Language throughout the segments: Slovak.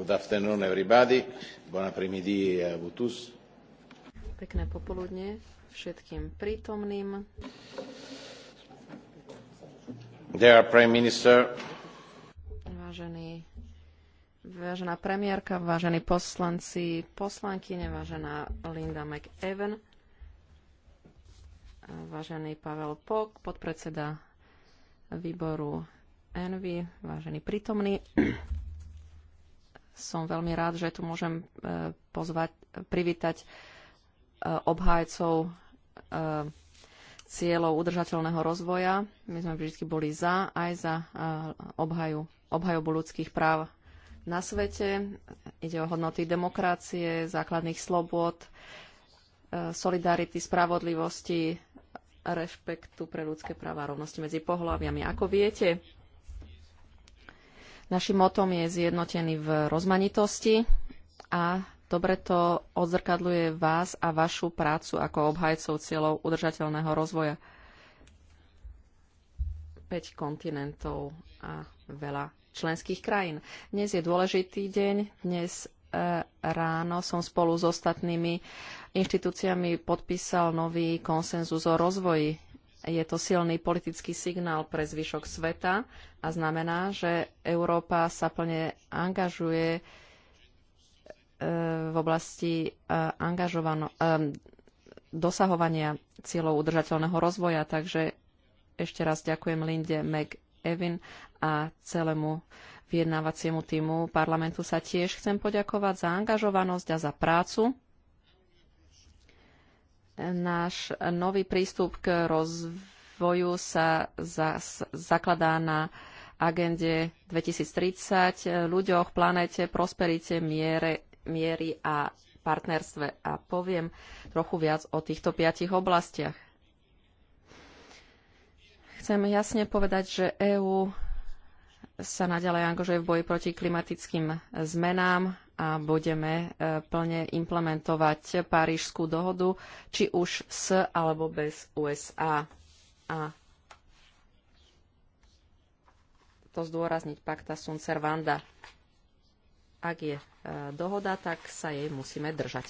Good afternoon, everybody. Bon après-midi à vous tous. Pekné popoludne všetkým prítomným. Dear Prime Minister. Vážený, vážená premiérka, vážení poslanci, poslankyne, vážená Linda McEwen, vážený Pavel Pok, podpredseda výboru Envy, vážení prítomní som veľmi rád, že tu môžem e, pozvať, privítať e, obhájcov e, cieľov udržateľného rozvoja. My sme vždy boli za, aj za obhaju, obhajobu ľudských práv na svete. Ide o hodnoty demokracie, základných slobod, solidarity, spravodlivosti, rešpektu pre ľudské práva a rovnosti medzi pohľaviami. Ako viete, Našim motom je zjednotený v rozmanitosti a dobre to odzrkadluje vás a vašu prácu ako obhajcov cieľov udržateľného rozvoja. 5 kontinentov a veľa členských krajín. Dnes je dôležitý deň. Dnes e, ráno som spolu s ostatnými inštitúciami podpísal nový konsenzus o rozvoji je to silný politický signál pre zvyšok sveta a znamená, že Európa sa plne angažuje e, v oblasti e, e, dosahovania cieľov udržateľného rozvoja. Takže ešte raz ďakujem Linde McEvin a celému vyjednávaciemu týmu parlamentu sa tiež chcem poďakovať za angažovanosť a za prácu. Náš nový prístup k rozvoju sa zakladá na agende 2030, ľuďoch, planete, prosperite, miere, miery a partnerstve. A poviem trochu viac o týchto piatich oblastiach. Chcem jasne povedať, že EÚ sa naďalej angažuje v boji proti klimatickým zmenám a budeme e, plne implementovať Parížskú dohodu, či už s alebo bez USA. A to zdôrazniť pakta sunt servanda. Ak je e, dohoda, tak sa jej musíme držať.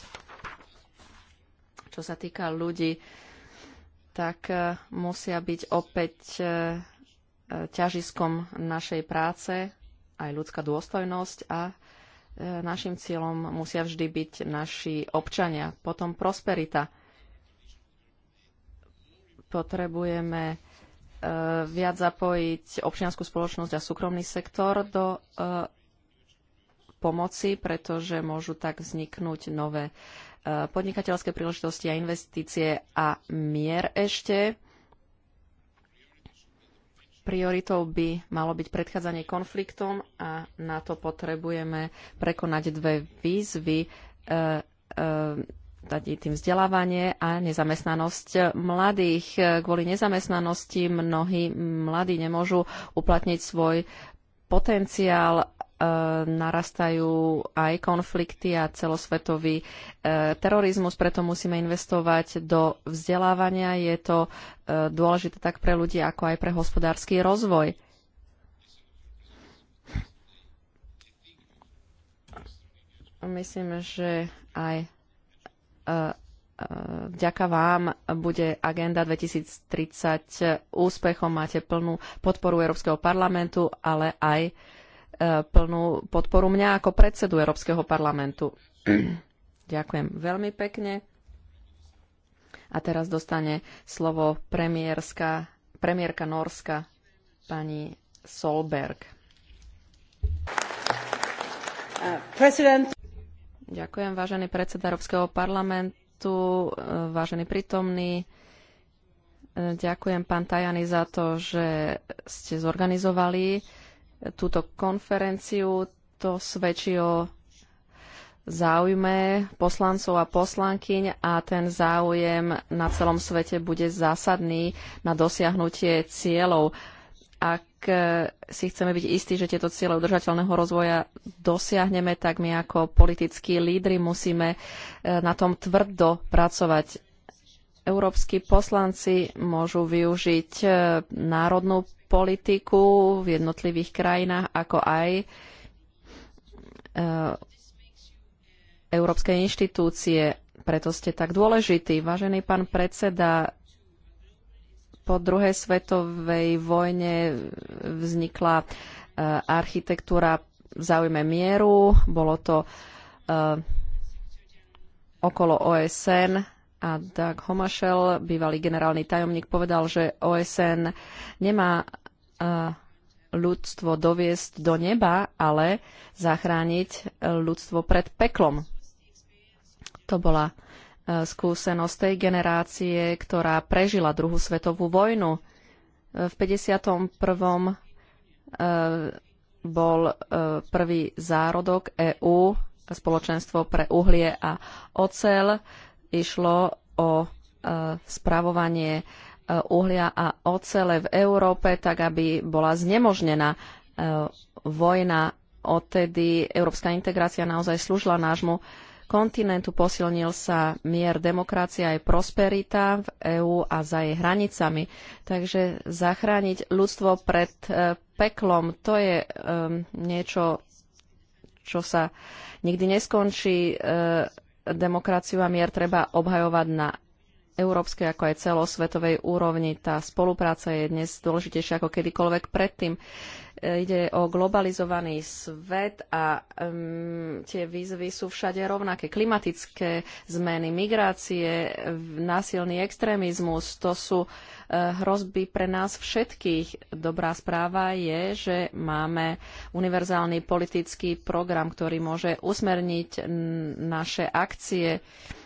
Čo sa týka ľudí, tak e, musia byť opäť ťažiskom našej práce aj ľudská dôstojnosť a E, našim cieľom musia vždy byť naši občania. Potom prosperita. Potrebujeme e, viac zapojiť občianskú spoločnosť a súkromný sektor do e, pomoci, pretože môžu tak vzniknúť nové podnikateľské príležitosti a investície a mier ešte Prioritou by malo byť predchádzanie konfliktom a na to potrebujeme prekonať dve výzvy, e, e, tým vzdelávanie a nezamestnanosť mladých. E, kvôli nezamestnanosti mnohí mladí nemôžu uplatniť svoj potenciál narastajú aj konflikty a celosvetový e, terorizmus, preto musíme investovať do vzdelávania. Je to e, dôležité tak pre ľudí, ako aj pre hospodársky rozvoj. Myslím, že aj e, vďaka vám bude Agenda 2030 úspechom. Máte plnú podporu Európskeho parlamentu, ale aj plnú podporu mňa ako predsedu Európskeho parlamentu. Ďakujem veľmi pekne. A teraz dostane slovo premiérska, premiérka Norska, pani Solberg. Ďakujem, vážený predseda Európskeho parlamentu, vážený prítomný. Ďakujem, pán Tajani, za to, že ste zorganizovali túto konferenciu. To svedčí o záujme poslancov a poslankyň a ten záujem na celom svete bude zásadný na dosiahnutie cieľov. Ak e, si chceme byť istí, že tieto cieľe udržateľného rozvoja dosiahneme, tak my ako politickí lídry musíme e, na tom tvrdo pracovať európski poslanci môžu využiť e, národnú politiku v jednotlivých krajinách, ako aj eh, európske inštitúcie. Preto ste tak dôležití. Vážený pán predseda, po druhej svetovej vojne vznikla eh, architektúra v záujme mieru. Bolo to eh, okolo OSN a Doug Homašel, bývalý generálny tajomník, povedal, že OSN nemá e, ľudstvo doviesť do neba, ale zachrániť e, ľudstvo pred peklom. To bola e, skúsenosť tej generácie, ktorá prežila druhú svetovú vojnu. V 51. bol prvý zárodok EÚ, spoločenstvo pre uhlie a oceľ išlo o e, spravovanie e, uhlia a ocele v Európe, tak aby bola znemožnená e, vojna. Odtedy európska integrácia naozaj slúžila nášmu kontinentu, posilnil sa mier, demokracia aj prosperita v EÚ a za jej hranicami. Takže zachrániť ľudstvo pred peklom, to je niečo, čo sa nikdy neskončí demokraciu a mier treba obhajovať na európskej ako aj celosvetovej úrovni. Tá spolupráca je dnes dôležitejšia ako kedykoľvek predtým. E, ide o globalizovaný svet a um, tie výzvy sú všade rovnaké. Klimatické zmeny, migrácie, násilný extrémizmus, to sú uh, hrozby pre nás všetkých. Dobrá správa je, že máme univerzálny politický program, ktorý môže usmerniť naše akcie. Uh,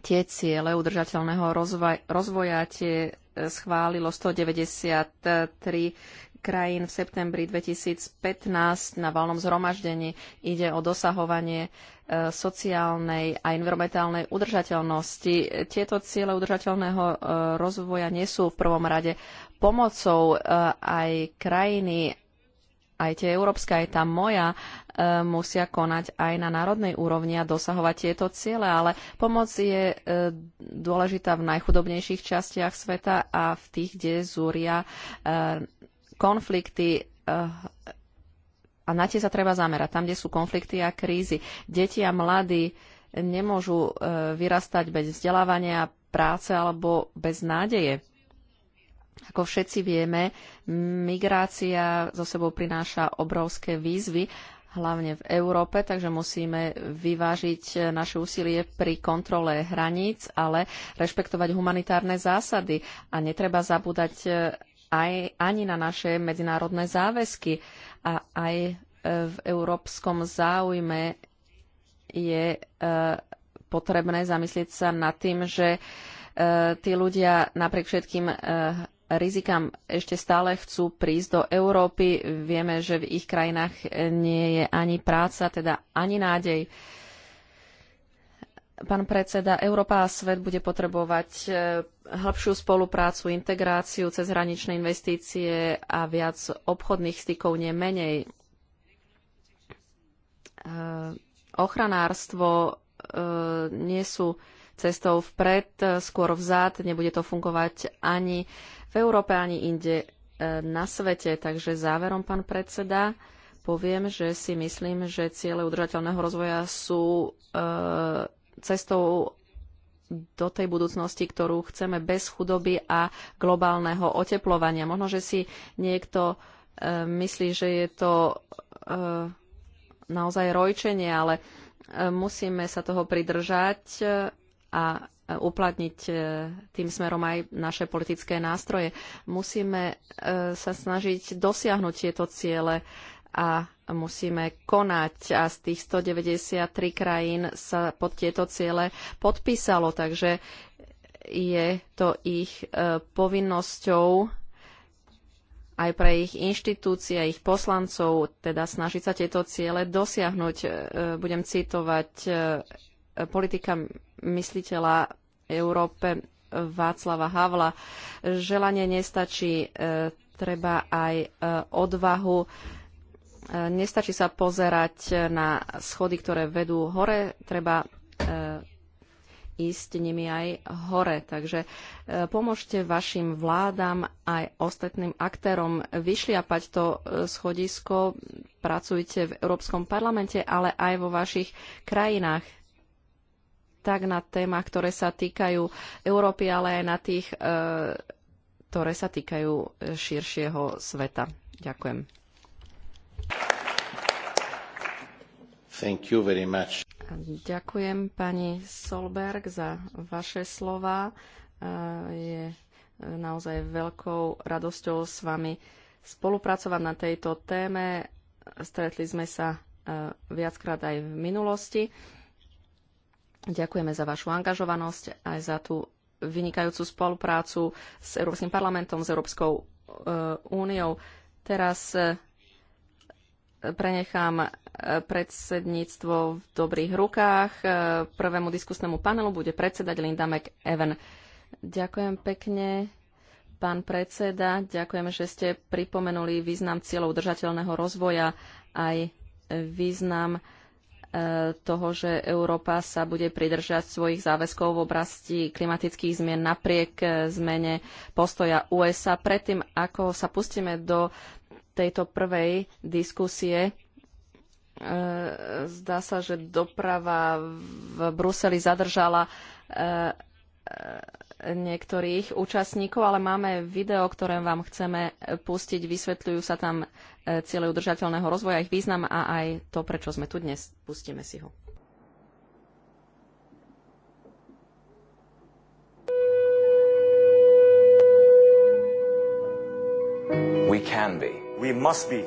tie ciele udržateľného rozvoja, rozvoja tie e, schválilo 193 krajín v septembri 2015 na valnom zhromaždení. Ide o dosahovanie e, sociálnej a environmentálnej udržateľnosti. Tieto ciele udržateľného e, rozvoja nie sú v prvom rade pomocou aj krajiny, aj tie európska, aj tá moja E, musia konať aj na národnej úrovni a dosahovať tieto ciele, ale pomoc je e, dôležitá v najchudobnejších častiach sveta a v tých, kde zúria e, konflikty a na tie sa treba zamerať, tam, kde sú konflikty a krízy. Deti a mladí nemôžu vyrastať bez vzdelávania, práce alebo bez nádeje. Ako všetci vieme, migrácia zo sebou prináša obrovské výzvy hlavne v Európe, takže musíme vyvážiť naše úsilie pri kontrole hraníc, ale rešpektovať humanitárne zásady. A netreba zabúdať e, aj, ani na naše medzinárodné záväzky. A aj e, v európskom záujme je e, potrebné zamyslieť sa nad tým, že tí ľudia napriek všetkým rizikám ešte stále chcú prísť do Európy. Vieme, že v ich krajinách nie je ani práca, teda ani nádej. Pán predseda, Európa a svet bude potrebovať e, hĺbšiu spoluprácu, integráciu, cezhraničné investície a viac obchodných stykov, nie menej. E, ochranárstvo e, nie sú cestou vpred, e, skôr vzad. Nebude to fungovať ani v Európe, ani inde e, na svete. Takže záverom, pán predseda, poviem, že si myslím, že ciele udržateľného rozvoja sú e, cestou do tej budúcnosti, ktorú chceme bez chudoby a globálneho oteplovania. Možno, že si niekto e, myslí, že je to e, naozaj rojčenie, ale e, musíme sa toho pridržať a uplatniť e, tým smerom aj naše politické nástroje. Musíme e, sa snažiť dosiahnuť tieto ciele a musíme konať. A z tých 193 krajín sa pod tieto ciele podpísalo, takže je to ich e, povinnosťou aj pre ich inštitúcie, ich poslancov, teda snažiť sa tieto ciele dosiahnuť. Budem citovať E, politika mysliteľa Európe Václava Havla. Želanie nestačí, e, treba aj e, odvahu. Nestačí sa pozerať na schody, ktoré vedú hore, treba ísť nimi aj hore. Takže pomôžte vašim vládam aj ostatným aktérom vyšliapať to schodisko. Pracujte v Európskom parlamente, ale aj vo vašich krajinách tak na témach, ktoré sa týkajú Európy, ale aj na tých, e, ktoré sa týkajú e, širšieho sveta. Ďakujem. Thank you very much. Ďakujem pani Solberg za vaše slova. E, je naozaj veľkou radosťou s vami spolupracovať na tejto téme. Stretli sme sa viackrát aj v minulosti. Ďakujeme za vašu angažovanosť aj za tú vynikajúcu spoluprácu s Európskym parlamentom, s Európskou e, úniou. Teraz e, prenechám e, predsedníctvo v dobrých rukách. Prvému diskusnému panelu bude predsedať Linda McEwen. Ďakujem pekne, pán predseda. Ďakujem, že ste pripomenuli význam cieľov držateľného rozvoja aj význam toho, že Európa sa bude pridržať svojich záväzkov v oblasti klimatických zmien napriek eh, zmene postoja USA. Predtým, ako sa pustíme do tejto prvej diskusie, eh, zdá sa, že doprava v Bruseli zadržala eh, niektorých účastníkov, ale máme video, ktoré vám chceme pustiť. Vysvetľujú sa tam E, ciele udržateľného rozvoja, ich význam a aj to, prečo sme tu dnes. Pustíme si ho. We can be. We must be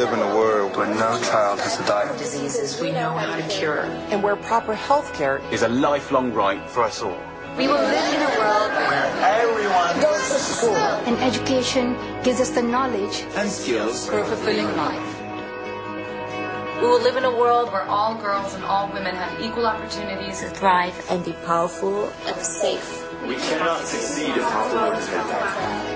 live in a world where no child has to die of diseases we know how to cure and where proper health care is a lifelong right for us all. We will live in a world where everyone goes to school and education gives us the knowledge and skills for a fulfilling life. We will live in a world where all girls and all women have equal opportunities to thrive and be powerful and safe. We cannot succeed if half the world is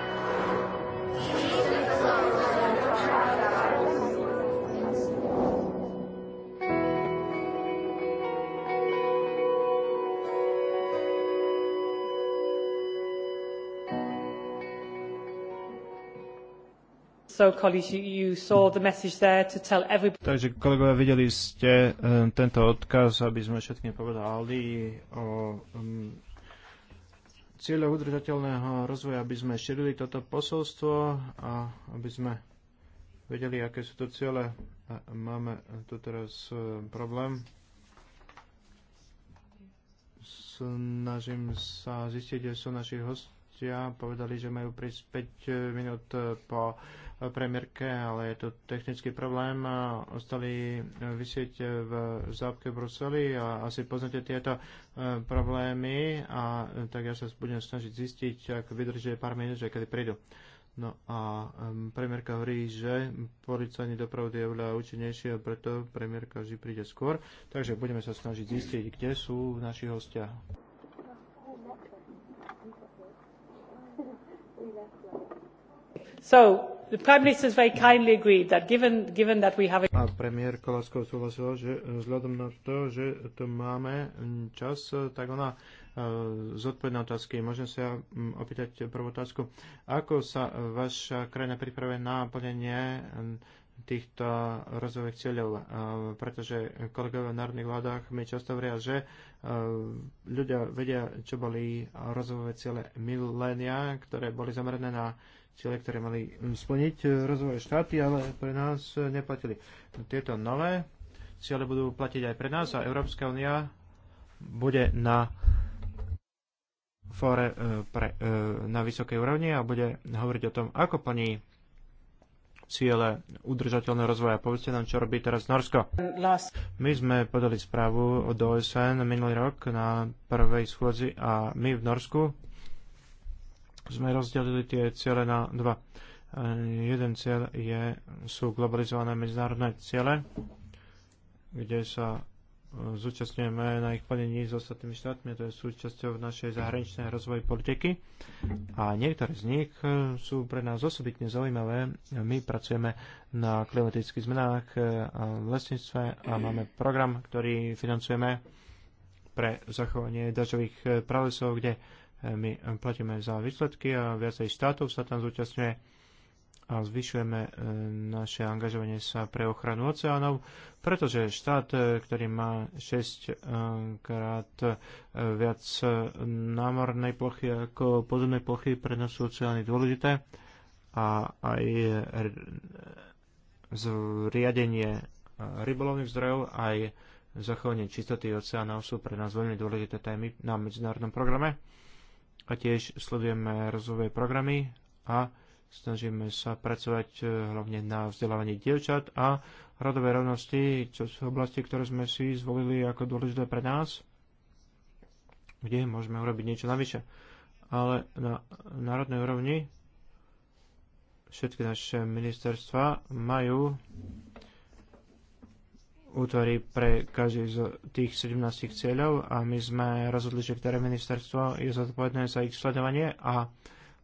Takže kolegovia, videli ste um, tento odkaz, aby sme všetkým povedali o um, cieľoch udržateľného rozvoja, aby sme šírili toto posolstvo a aby sme vedeli, aké sú to ciele. Máme tu teraz eh, problém. Snažím sa zistiť, kde sú naši hostia. Povedali, že majú prísť 5 minút eh, po premiérke, ale je to technický problém. Ostali vysieť v zápke v Bruseli a asi poznáte tieto e, problémy a e, tak ja sa budem snažiť zistiť, ak vydržie pár minút, že kedy prídu. No a um, premiérka hovorí, že policajný dopravdy je oveľa účinnejší a preto premiérka vždy príde skôr. Takže budeme sa snažiť zistiť, kde sú naši hostia. So, The Prime Minister has very kindly agreed that given, given that we have... A premiér Kolasko súhlasil, že eh, vzhľadom na to, že tu máme hm, čas, eh, tak ona eh, zodpovedná otázky. Môžem sa hm, opýtať prvú otázku. Ako sa vaša krajina pripravuje na plnenie hm, týchto rozvojových cieľov? Pretože kolegovia v národných vládach mi často hovoria, že ľudia vedia, čo boli rozvojové ciele milénia, ktoré boli zamerané na ciele, ktoré mali splniť e, rozvoje štáty, ale pre nás e, neplatili. Tieto nové ciele budú platiť aj pre nás a Európska únia bude na fóre e, pre, na vysokej úrovni a bude hovoriť o tom, ako plní ciele udržateľného rozvoja. Povedzte nám, čo robí teraz Norsko. My sme podali správu od OSN minulý rok na prvej schôdzi a my v Norsku sme rozdelili tie ciele na dva. E, jeden cieľ je, sú globalizované medzinárodné ciele, kde sa e, zúčastňujeme na ich plnení s ostatnými štátmi, to je súčasťou našej zahraničnej rozvoj politiky. A niektoré z nich e, sú pre nás osobitne zaujímavé. My pracujeme na klimatických zmenách a v lesníctve a máme program, ktorý financujeme pre zachovanie dažových pralesov, kde my platíme za výsledky a viacej štátov sa tam zúčastňuje a zvyšujeme e, naše angažovanie sa pre ochranu oceánov, pretože štát, e, ktorý má 6 e, krát viac námornej plochy ako pozemnej plochy, pre nás sú oceány dôležité a aj zriadenie rybolovných zdrojov, aj zachovanie čistoty oceánov sú pre nás veľmi dôležité témy na medzinárodnom programe a tiež sledujeme rozvojové programy a snažíme sa pracovať e, hlavne na vzdelávanie dievčat a rodové rovnosti, čo sú oblasti, ktoré sme si zvolili ako dôležité pre nás, kde môžeme urobiť niečo navyše. Ale na národnej úrovni všetky naše ministerstva majú útvary pre každý z tých 17 cieľov a my sme rozhodli, že ktoré ministerstvo je zodpovedné za ich sledovanie a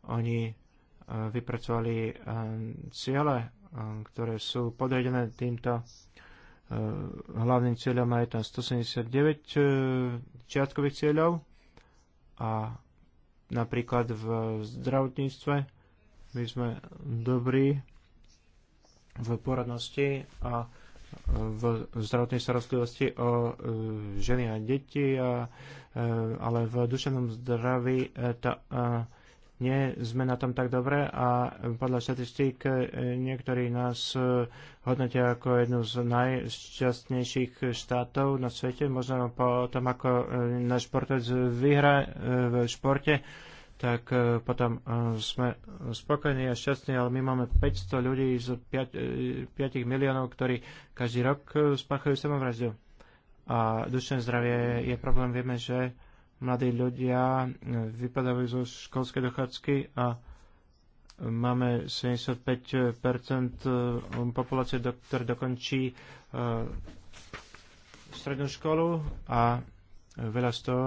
oni e, vypracovali e, ciele, e, ktoré sú podriadené týmto hlavným cieľom a je tam 179 čiatkových cieľov a napríklad v zdravotníctve my sme dobrí v poradnosti a v zdravotnej starostlivosti o e, ženy a deti, a, e, ale v duševnom zdraví e, tá, nie sme na tom tak dobre a podľa štatistík niektorí nás hodnotia ako jednu z najšťastnejších štátov na svete, možno po tom, ako náš športovec vyhra v športe tak e, potom e, sme spokojní a šťastní, ale my máme 500 ľudí z 5, 5 e, miliónov, ktorí každý rok spáchajú samovraždu. A dušné zdravie je problém. Vieme, že mladí ľudia vypadávajú zo školskej dochádzky a máme 75% populácie, ktoré dokončí strednú školu a Veľa z toho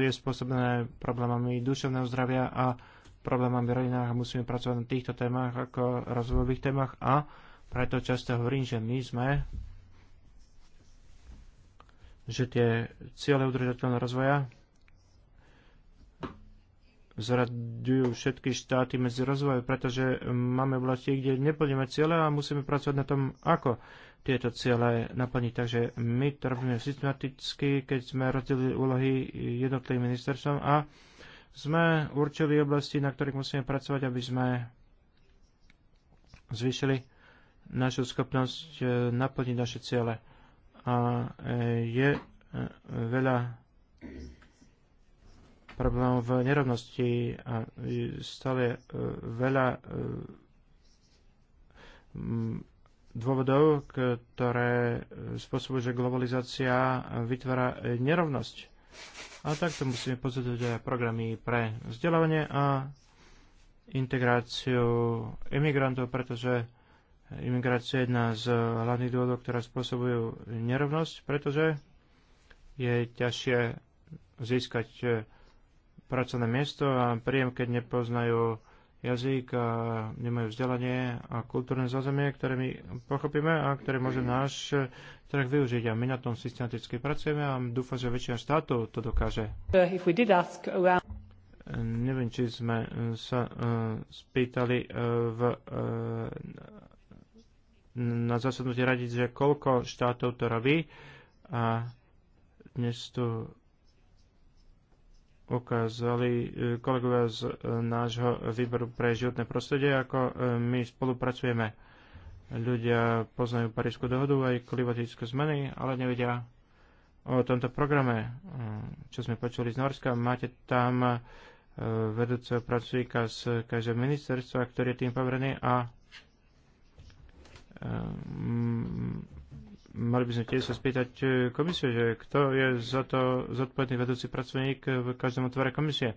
je spôsobené problémami duševného zdravia a problémami v rodinách a musíme pracovať na týchto témach ako rozvojových témach a preto často hovorím, že my sme že tie ciele udržateľného rozvoja zradujú všetky štáty medzi rozvojom, pretože máme oblasti, kde neplníme ciele a musíme pracovať na tom, ako tieto ciele naplniť. Takže my to robíme systematicky, keď sme rozdelili úlohy jednotlivým ministerstvom a sme určili oblasti, na ktorých musíme pracovať, aby sme zvýšili našu schopnosť e, naplniť naše ciele. A e, je e, veľa problémov v nerovnosti a stále veľa dôvodov, ktoré spôsobujú, že globalizácia vytvára nerovnosť. A takto musíme pozrieť aj programy pre vzdelávanie a integráciu imigrantov, pretože imigrácia je jedna z hlavných dôvodov, ktoré spôsobujú nerovnosť, pretože je ťažšie získať pracovné miesto a príjem, keď nepoznajú jazyk a nemajú vzdelanie a kultúrne zázemie, ktoré my pochopíme a ktoré môže náš trh využiť. A my na tom systematicky pracujeme a dúfam, že väčšina štátov to dokáže. Uh, Neviem, či sme uh, sa uh, spýtali uh, v, uh, na zasadnutí radiť, že koľko štátov to robí. A dnes tu ukázali e, kolegovia z e, nášho výboru pre životné prostredie, ako e, my spolupracujeme. Ľudia poznajú Parísku dohodu aj klimatické zmeny, ale nevedia o tomto programe, čo sme počuli z Norska. Máte tam vedúceho pracovníka z každého ministerstva, ktorý je tým poverený a mali by sme tiež sa spýtať e, komisiu, že kto je za to zodpovedný vedúci pracovník v každom otvore komisie.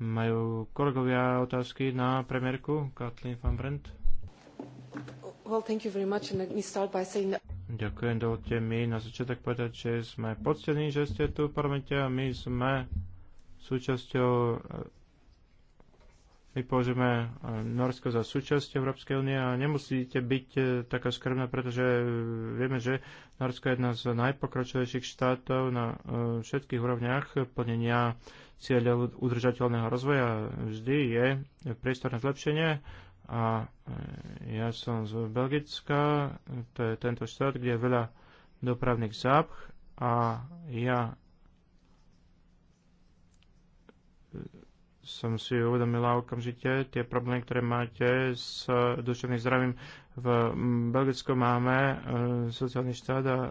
Majú kolegovia otázky na premiérku Kathleen van Brent? Well, thank you very much and let me start by saying that... Ďakujem, dovolte mi na začiatok povedať, že sme poctení, že ste tu v parlamente a my sme súčasťou my považujeme e, Norsko za súčasť Európskej únie a nemusíte byť e, taká skromná, pretože e, vieme, že Norsko je jedna z najpokročilejších štátov na všetkých úrovniach plnenia cieľov udržateľného rozvoja. Vždy je priestor na zlepšenie a ja som z Belgicka, to je tento štát, kde je veľa dopravných zápch a ja som si uvedomila okamžite tie problémy, ktoré máte s duševným zdravím. V Belgicku máme e, sociálny štát a e,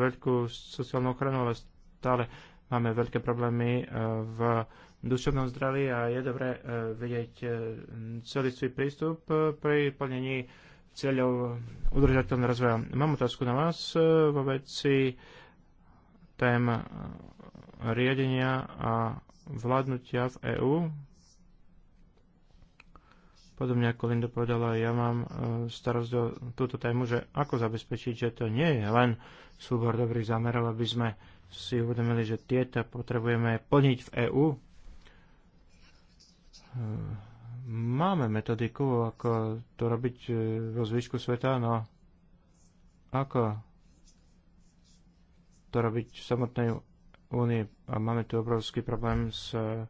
veľkú sociálnu ochranu, ale stále máme veľké problémy e, v duševnom zdraví a je dobré vidieť celý svoj prístup pri plnení cieľov udržateľného rozvoja. Mám otázku na vás vo veci tém riadenia a vládnutia v EÚ. Podobne ako Linda povedala, ja mám e, starosť o túto tému, že ako zabezpečiť, že to nie je len súbor dobrých zámerov, aby sme si uvedomili, že tieto potrebujeme plniť v EÚ. E, máme metodiku, ako to robiť e, vo zvyšku sveta, no ako to robiť v samotnej únii a máme tu obrovský problém s eh,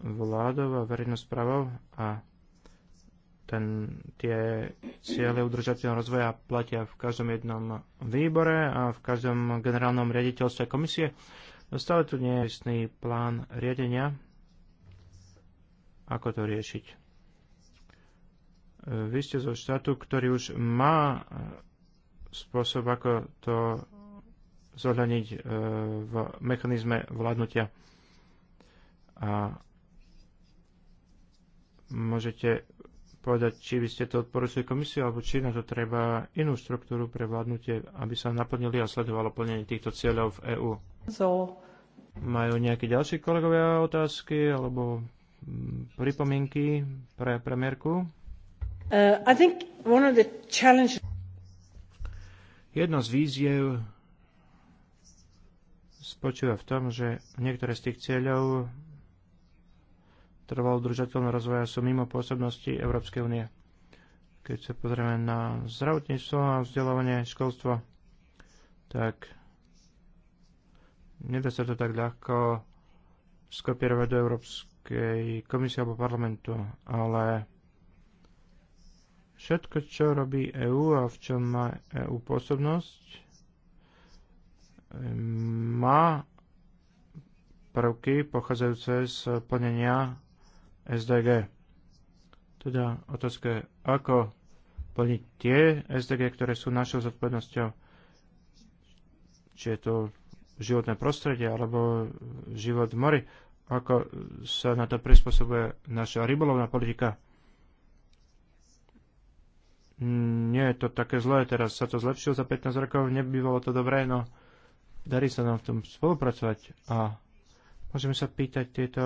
vládou a verejnou správou a ten, tie ciele udržateľného rozvoja platia v každom jednom výbore a v každom generálnom riaditeľstve komisie. No stále tu nie je istný plán riadenia, ako to riešiť. Eh, vy ste zo štátu, ktorý už má eh, spôsob, ako to zohľadniť e, v mechanizme vládnutia. A môžete povedať, či by ste to odporúčili komisiu, alebo či na to treba inú štruktúru pre vládnutie, aby sa naplnili a sledovalo plnenie týchto cieľov v EÚ. So. Majú nejaké ďalší kolegovia otázky alebo mm, pripomienky pre premiérku? Uh, I think one of the challenges... Jedna z víziev spočíva v tom, že niektoré z tých cieľov trvalo udržateľného rozvoja sú mimo pôsobnosti Európskej únie. Keď sa pozrieme na zdravotníctvo a vzdelávanie školstvo, tak nedá sa to tak ľahko skopírovať do Európskej komisie alebo parlamentu, ale všetko, čo robí EÚ a v čom má EÚ pôsobnosť, má prvky pochádzajúce z plnenia SDG. Teda otázka je, ako plniť tie SDG, ktoré sú našou zodpovednosťou, či je to životné prostredie alebo život v mori, ako sa na to prispôsobuje naša rybolovná politika. Nie je to také zlé, teraz sa to zlepšilo za 15 rokov, nebývalo to dobré, no darí sa nám v tom spolupracovať a môžeme sa pýtať tieto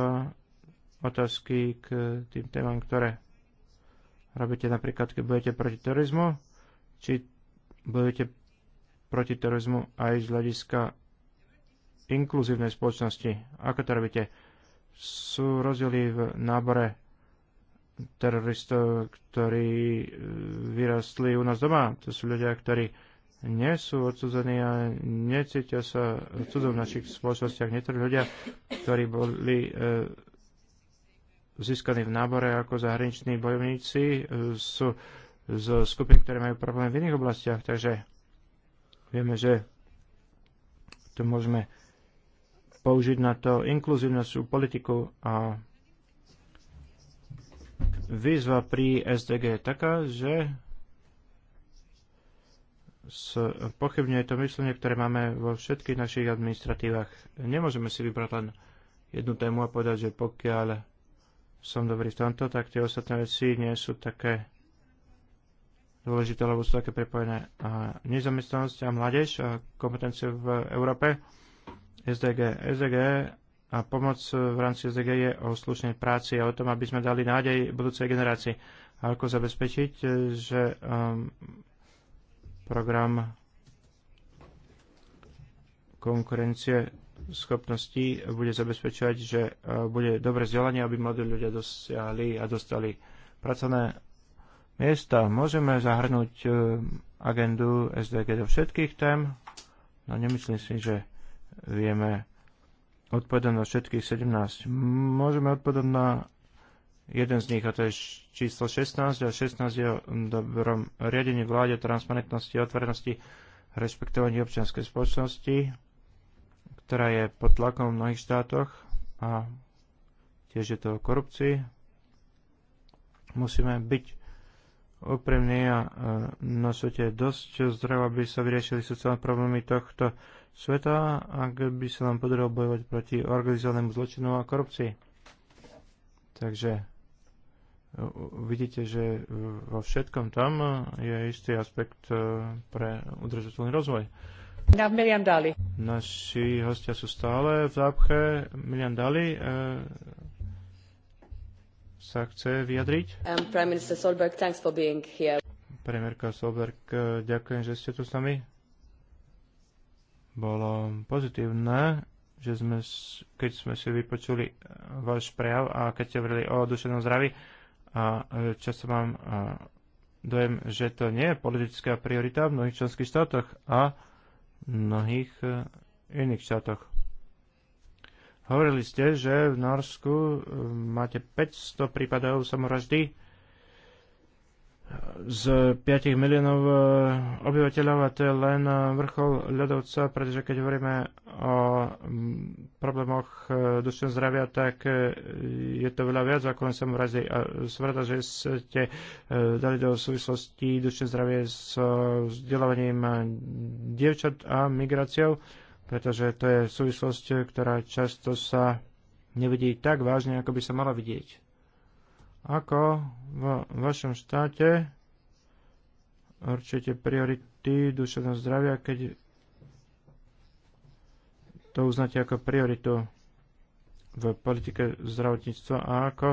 otázky k tým témam, ktoré robíte napríklad, keď budete proti terorizmu, či budete proti terorizmu aj z hľadiska inkluzívnej spoločnosti. Ako to robíte? Sú rozdiely v nábore teroristov, ktorí e, vyrastli u nás doma. To sú ľudia, ktorí nie sú odsudzení a necítia sa cudzom v našich spoločnostiach. Niektorí ľudia, ktorí boli e, získaní v nábore ako zahraniční bojovníci, e, sú z skupín, ktoré majú problém v iných oblastiach, takže vieme, že to môžeme použiť na to inkluzívnosť politiku a výzva pri SDG je taká, že pochybňuje to myslenie, ktoré máme vo všetkých našich administratívach. Nemôžeme si vybrať len jednu tému a povedať, že pokiaľ som dobrý v tomto, tak tie ostatné veci nie sú také dôležité, lebo sú také prepojené. A nezamestnanosť a mládež a kompetencie v Európe, SDG. SDG a pomoc v rámci SDG je o slušnej práci a o tom, aby sme dali nádej budúcej generácii. A ako zabezpečiť, že um, program konkurencie schopností bude zabezpečovať, že e, bude dobre vzdelanie, aby mladí ľudia dosiahli a dostali pracovné miesta. Môžeme zahrnúť e, agendu SDG do všetkých tém, no nemyslím si, že vieme odpovedať na všetkých 17. Môžeme odpovedať na jeden z nich, a to je číslo 16, a 16 je o dobrom riadení vláde, transparentnosti, otvorenosti, rešpektovaní občianskej spoločnosti, ktorá je pod tlakom v mnohých štátoch a tiež je to o korupcii. Musíme byť úprimní a e, na svete je dosť zdravo, aby sa vyriešili sociálne problémy tohto sveta, ak by sa nám podarilo bojovať proti organizovanému zločinu a korupcii. Takže vidíte, že vo všetkom tam je istý aspekt e, pre udržateľný rozvoj. Na Milian Dali. Naši hostia sú stále v zápche. Milian Dali e, sa chce vyjadriť. Um, Prime Minister Solberg, thanks for being here. Premiérka Solberg, e, ďakujem, že ste tu s nami. Bolo pozitívne že sme, keď sme si vypočuli e, váš prejav a keď ste hovorili o duševnom zdraví, a e, často mám e, dojem, že to nie je politická priorita v mnohých členských štátoch a v mnohých e, iných štátoch. Hovorili ste, že v Norsku máte 500 prípadov samovraždy z 5 miliónov e, obyvateľov a to je len e, vrchol ľadovca, pretože keď hovoríme o problémoch e, duševného zdravia, tak je to veľa viac ako len samovrazy. A som rada, že ste dali do súvislosti duševné zdravie s vzdelávaním dievčat a migráciou, pretože to je súvislosť, ktorá často sa nevidí tak vážne, ako by sa mala vidieť ako v vašom štáte určite priority duševného zdravia, keď to uznáte ako prioritu v politike zdravotníctva a ako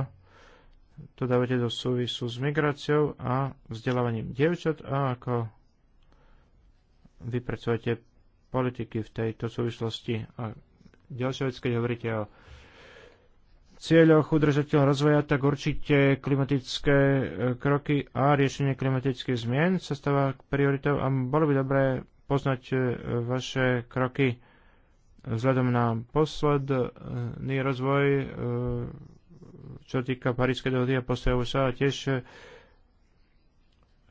to dávate do súvisu s migráciou a vzdelávaním dievčat a ako vypracujete politiky v tejto súvislosti. A ďalšia vec, keď hovoríte o cieľoch udržateľného rozvoja, tak určite klimatické e, kroky a riešenie klimatických zmien sa stáva prioritou a bolo by dobré poznať e, vaše kroky vzhľadom na posledný rozvoj, e, čo týka Parískej dohody a postoja USA, a tiež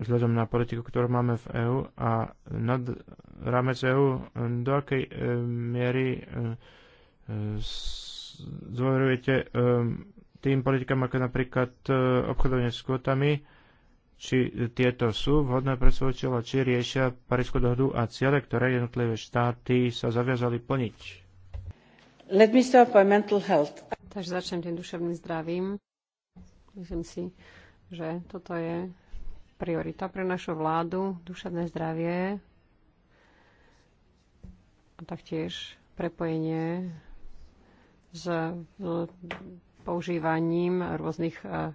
vzhľadom na politiku, ktorú máme v EÚ a nad rámec EÚ, do akej miery um, tým politikám ako napríklad e, obchodovanie s kvotami, či tieto sú vhodné pre svoje a či riešia Parísku dohodu a ciele, ktoré jednotlivé štáty sa zaviazali plniť. Let me start by mental health. Takže začnem tým duševným zdravím. Myslím si, že toto je priorita pre našu vládu, duševné zdravie a taktiež prepojenie s e, používaním rôznych e,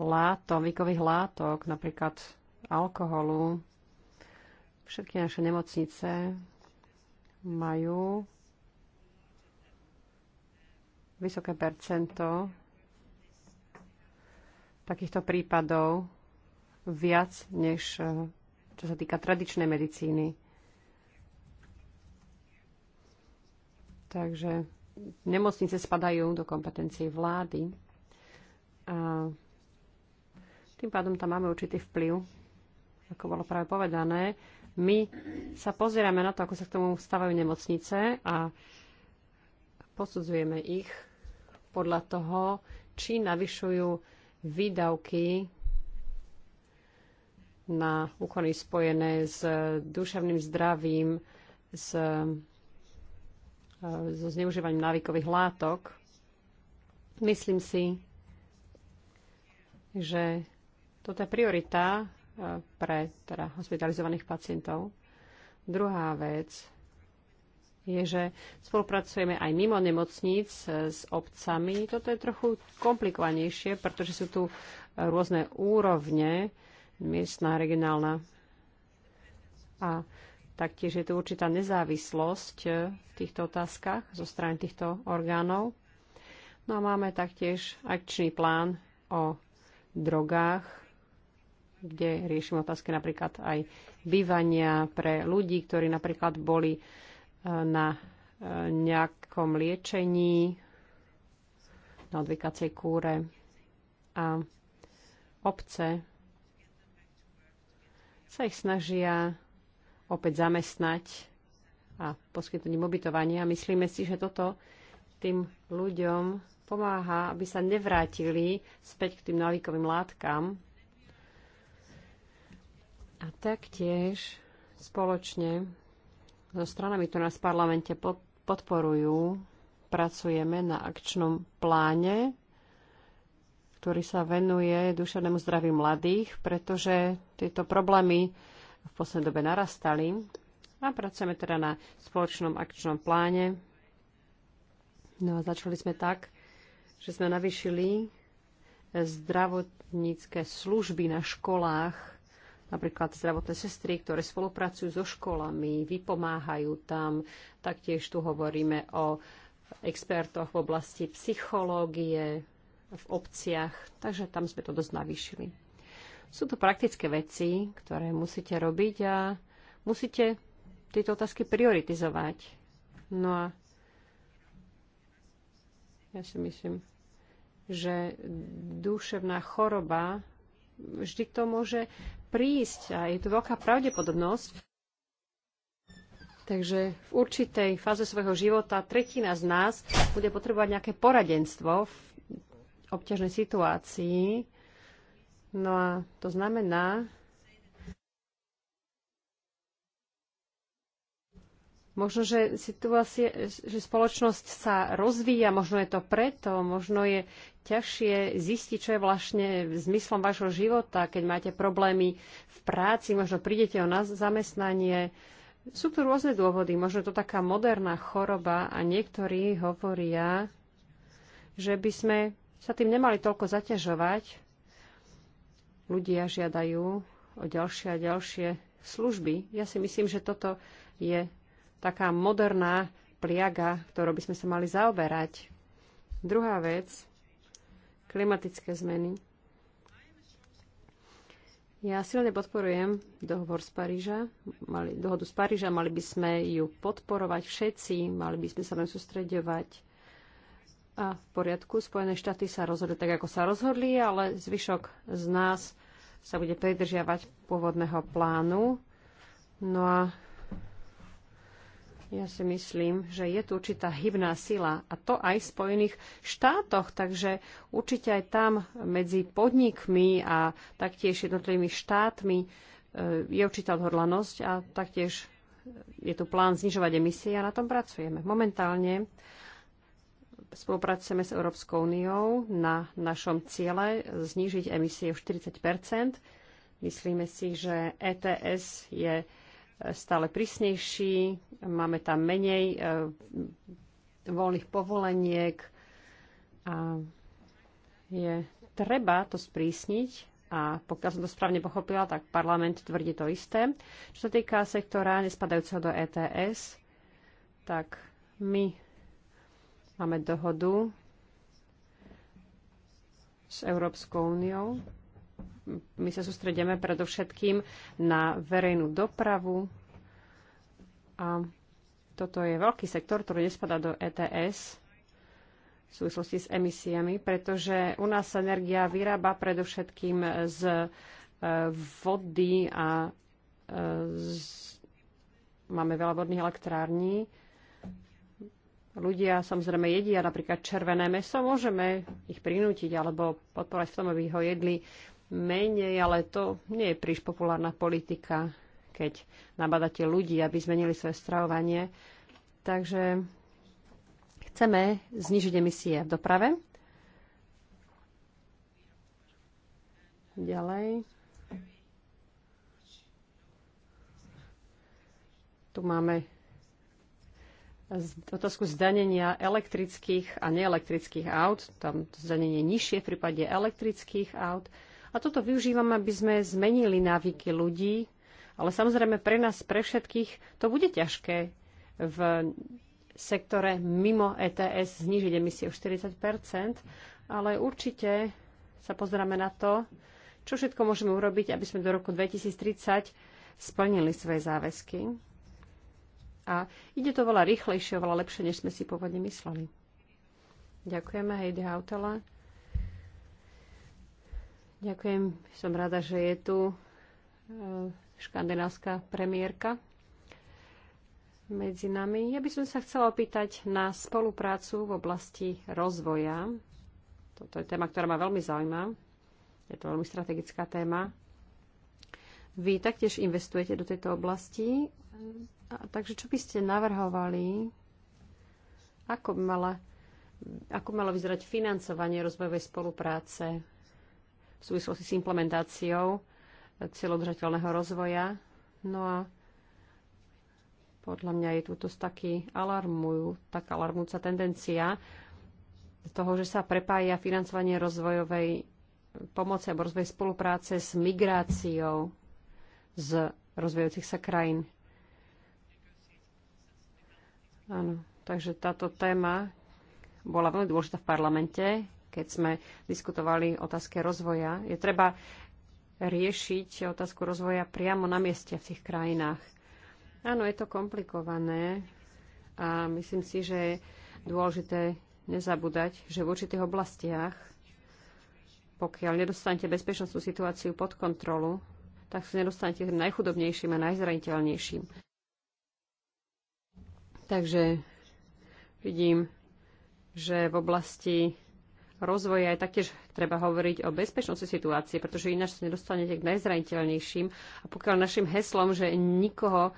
látok, výkových látok, napríklad alkoholu. Všetky naše nemocnice majú vysoké percento takýchto prípadov viac než e, čo sa týka tradičnej medicíny. Takže nemocnice spadajú do kompetencie vlády. A tým pádom tam máme určitý vplyv, ako bolo práve povedané. My sa pozeráme na to, ako sa k tomu stavajú nemocnice a posudzujeme ich podľa toho, či navyšujú výdavky na úkony spojené s duševným zdravím, s E, so zneužívaním návykových látok. Myslím si, že toto je priorita e, pre teda, hospitalizovaných pacientov. Druhá vec je, že spolupracujeme aj mimo nemocníc e, s obcami. Toto je trochu komplikovanejšie, pretože sú tu rôzne úrovne, miestna, regionálna. A Taktiež je tu určitá nezávislosť e, v týchto otázkach zo strany týchto orgánov. No a máme taktiež akčný plán o drogách, kde riešime otázky napríklad aj bývania pre ľudí, ktorí napríklad boli e, na e, nejakom liečení, na odvykacej kúre a obce sa ich snažia opäť zamestnať a poskytnúť im ubytovanie. A myslíme si, že toto tým ľuďom pomáha, aby sa nevrátili späť k tým návykovým látkam. A taktiež spoločne so stranami, ktoré nás v parlamente podporujú, pracujeme na akčnom pláne, ktorý sa venuje duševnému zdraví mladých, pretože tieto problémy v poslednej dobe narastali. A pracujeme teda na spoločnom akčnom pláne. No a začali sme tak, že sme navýšili zdravotnícke služby na školách, napríklad zdravotné sestry, ktoré spolupracujú so školami, vypomáhajú tam. Taktiež tu hovoríme o expertoch v oblasti psychológie v obciach, takže tam sme to dosť navýšili. Sú to praktické veci, ktoré musíte robiť a musíte tieto otázky prioritizovať. No a ja si myslím, že duševná choroba vždy to môže prísť a je tu veľká pravdepodobnosť. Takže v určitej fáze svojho života tretina z nás bude potrebovať nejaké poradenstvo v obťažnej situácii No a to znamená, možno, že situácia, že spoločnosť sa rozvíja, možno je to preto, možno je ťažšie zistiť, čo je vlastne zmyslom vašho života, keď máte problémy v práci, možno prídete o zamestnanie. Sú tu rôzne dôvody, možno je to taká moderná choroba a niektorí hovoria, že by sme sa tým nemali toľko zaťažovať, ľudia žiadajú o ďalšie a ďalšie služby. Ja si myslím, že toto je taká moderná pliaga, ktorou by sme sa mali zaoberať. Druhá vec, klimatické zmeny. Ja silne podporujem dohovor z Paríža, mali, dohodu z Paríža, mali by sme ju podporovať všetci, mali by sme sa len sústreďovať. A v poriadku, Spojené štáty sa rozhodli tak, ako sa rozhodli, ale zvyšok z nás sa bude pridržiavať pôvodného plánu. No a ja si myslím, že je tu určitá hybná sila a to aj v Spojených štátoch, takže určite aj tam medzi podnikmi a taktiež jednotlivými štátmi e, je určitá odhodlanosť a taktiež je tu plán znižovať emisie a na tom pracujeme. Momentálne spolupracujeme s Európskou úniou na našom ciele znížiť emisie o 40 Myslíme si, že ETS je e, stále prísnejší, máme tam menej e, voľných povoleniek a je treba to sprísniť a pokiaľ som to správne pochopila, tak parlament tvrdí to isté. Čo sa týka sektora nespadajúceho do ETS, tak my Máme dohodu s Európskou úniou. My sa sústredíme predovšetkým na verejnú dopravu a toto je veľký sektor, ktorý nespadá do ETS v súvislosti s emisiami, pretože u nás sa energia vyrába predovšetkým z e, vody a e, z, máme veľa vodných elektrární ľudia samozrejme jedia napríklad červené meso, môžeme ich prinútiť alebo podporať v tom, aby ho jedli menej, ale to nie je príliš populárna politika, keď nabadáte ľudí, aby zmenili svoje stravovanie. Takže chceme znižiť emisie v doprave. Ďalej. Tu máme otázku zdanenia elektrických a neelektrických aut. Tam zdanenie nižšie v prípade elektrických aut. A toto využívame, aby sme zmenili návyky ľudí, ale samozrejme pre nás, pre všetkých, to bude ťažké v sektore mimo ETS znižiť emisie o 40 ale určite sa pozráme na to, čo všetko môžeme urobiť, aby sme do roku 2030 splnili svoje záväzky. A ide to veľa rýchlejšie, veľa lepšie, než sme si pôvodne mysleli. Ďakujeme, Heidi Hautala. Ďakujem, som rada, že je tu e, škandinávska premiérka medzi nami. Ja by som sa chcela opýtať na spoluprácu v oblasti rozvoja. Toto je téma, ktorá ma veľmi zaujíma. Je to veľmi strategická téma. Vy taktiež investujete do tejto oblasti Takže čo by ste navrhovali, ako by mala, ako malo vyzerať financovanie rozvojovej spolupráce v súvislosti s implementáciou cieľodržateľného rozvoja? No a podľa mňa je tu dosť taký alarmujú, taká alarmujúca tendencia toho, že sa prepája financovanie rozvojovej pomoci alebo rozvojovej spolupráce s migráciou z rozvojujúcich sa krajín. Áno, takže táto téma bola veľmi dôležitá v parlamente, keď sme diskutovali otázke rozvoja. Je treba riešiť otázku rozvoja priamo na mieste v tých krajinách. Áno, je to komplikované a myslím si, že je dôležité nezabúdať, že v určitých oblastiach, pokiaľ nedostanete bezpečnostnú situáciu pod kontrolu, tak sa nedostanete najchudobnejším a najzraniteľnejším. Takže vidím, že v oblasti rozvoja je taktiež treba hovoriť o bezpečnosti situácie, pretože ináč sa nedostanete k najzraniteľnejším. A pokiaľ našim heslom, že nikoho e,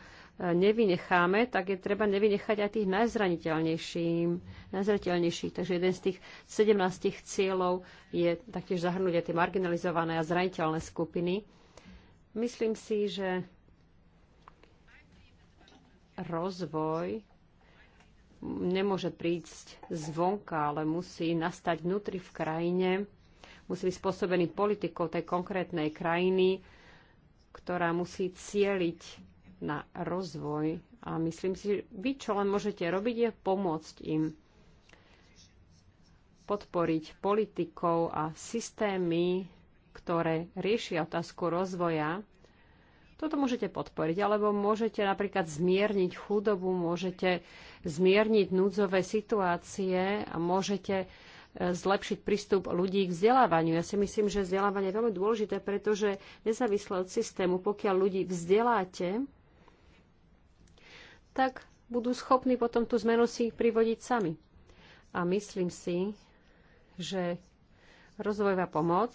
nevynecháme, tak je treba nevynechať aj tých najzraniteľnejších. najzraniteľnejších. Takže jeden z tých 17 cieľov je taktiež zahrnúť aj tie marginalizované a zraniteľné skupiny. Myslím si, že rozvoj nemôže prísť zvonka, ale musí nastať vnútri v krajine, musí byť spôsobený politikou tej konkrétnej krajiny, ktorá musí cieliť na rozvoj. A myslím si, že vy, čo len môžete robiť, je pomôcť im podporiť politikov a systémy, ktoré riešia otázku rozvoja toto môžete podporiť, alebo môžete napríklad zmierniť chudobu, môžete zmierniť núdzové situácie a môžete e, zlepšiť prístup ľudí k vzdelávaniu. Ja si myslím, že vzdelávanie je veľmi dôležité, pretože nezávisle od systému, pokiaľ ľudí vzdeláte, tak budú schopní potom tú zmenu si privodiť sami. A myslím si, že rozvojová pomoc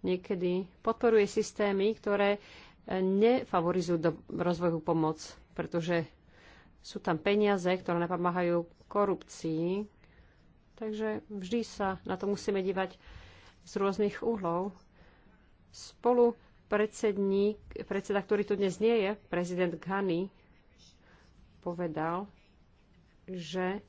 niekedy podporuje systémy, ktoré e, nefavorizujú do rozvoju pomoc, pretože sú tam peniaze, ktoré napomáhajú korupcii. Takže vždy sa na to musíme dívať z rôznych uhlov. Spolu predsedník, predseda, ktorý tu dnes nie je, prezident Ghani, povedal, že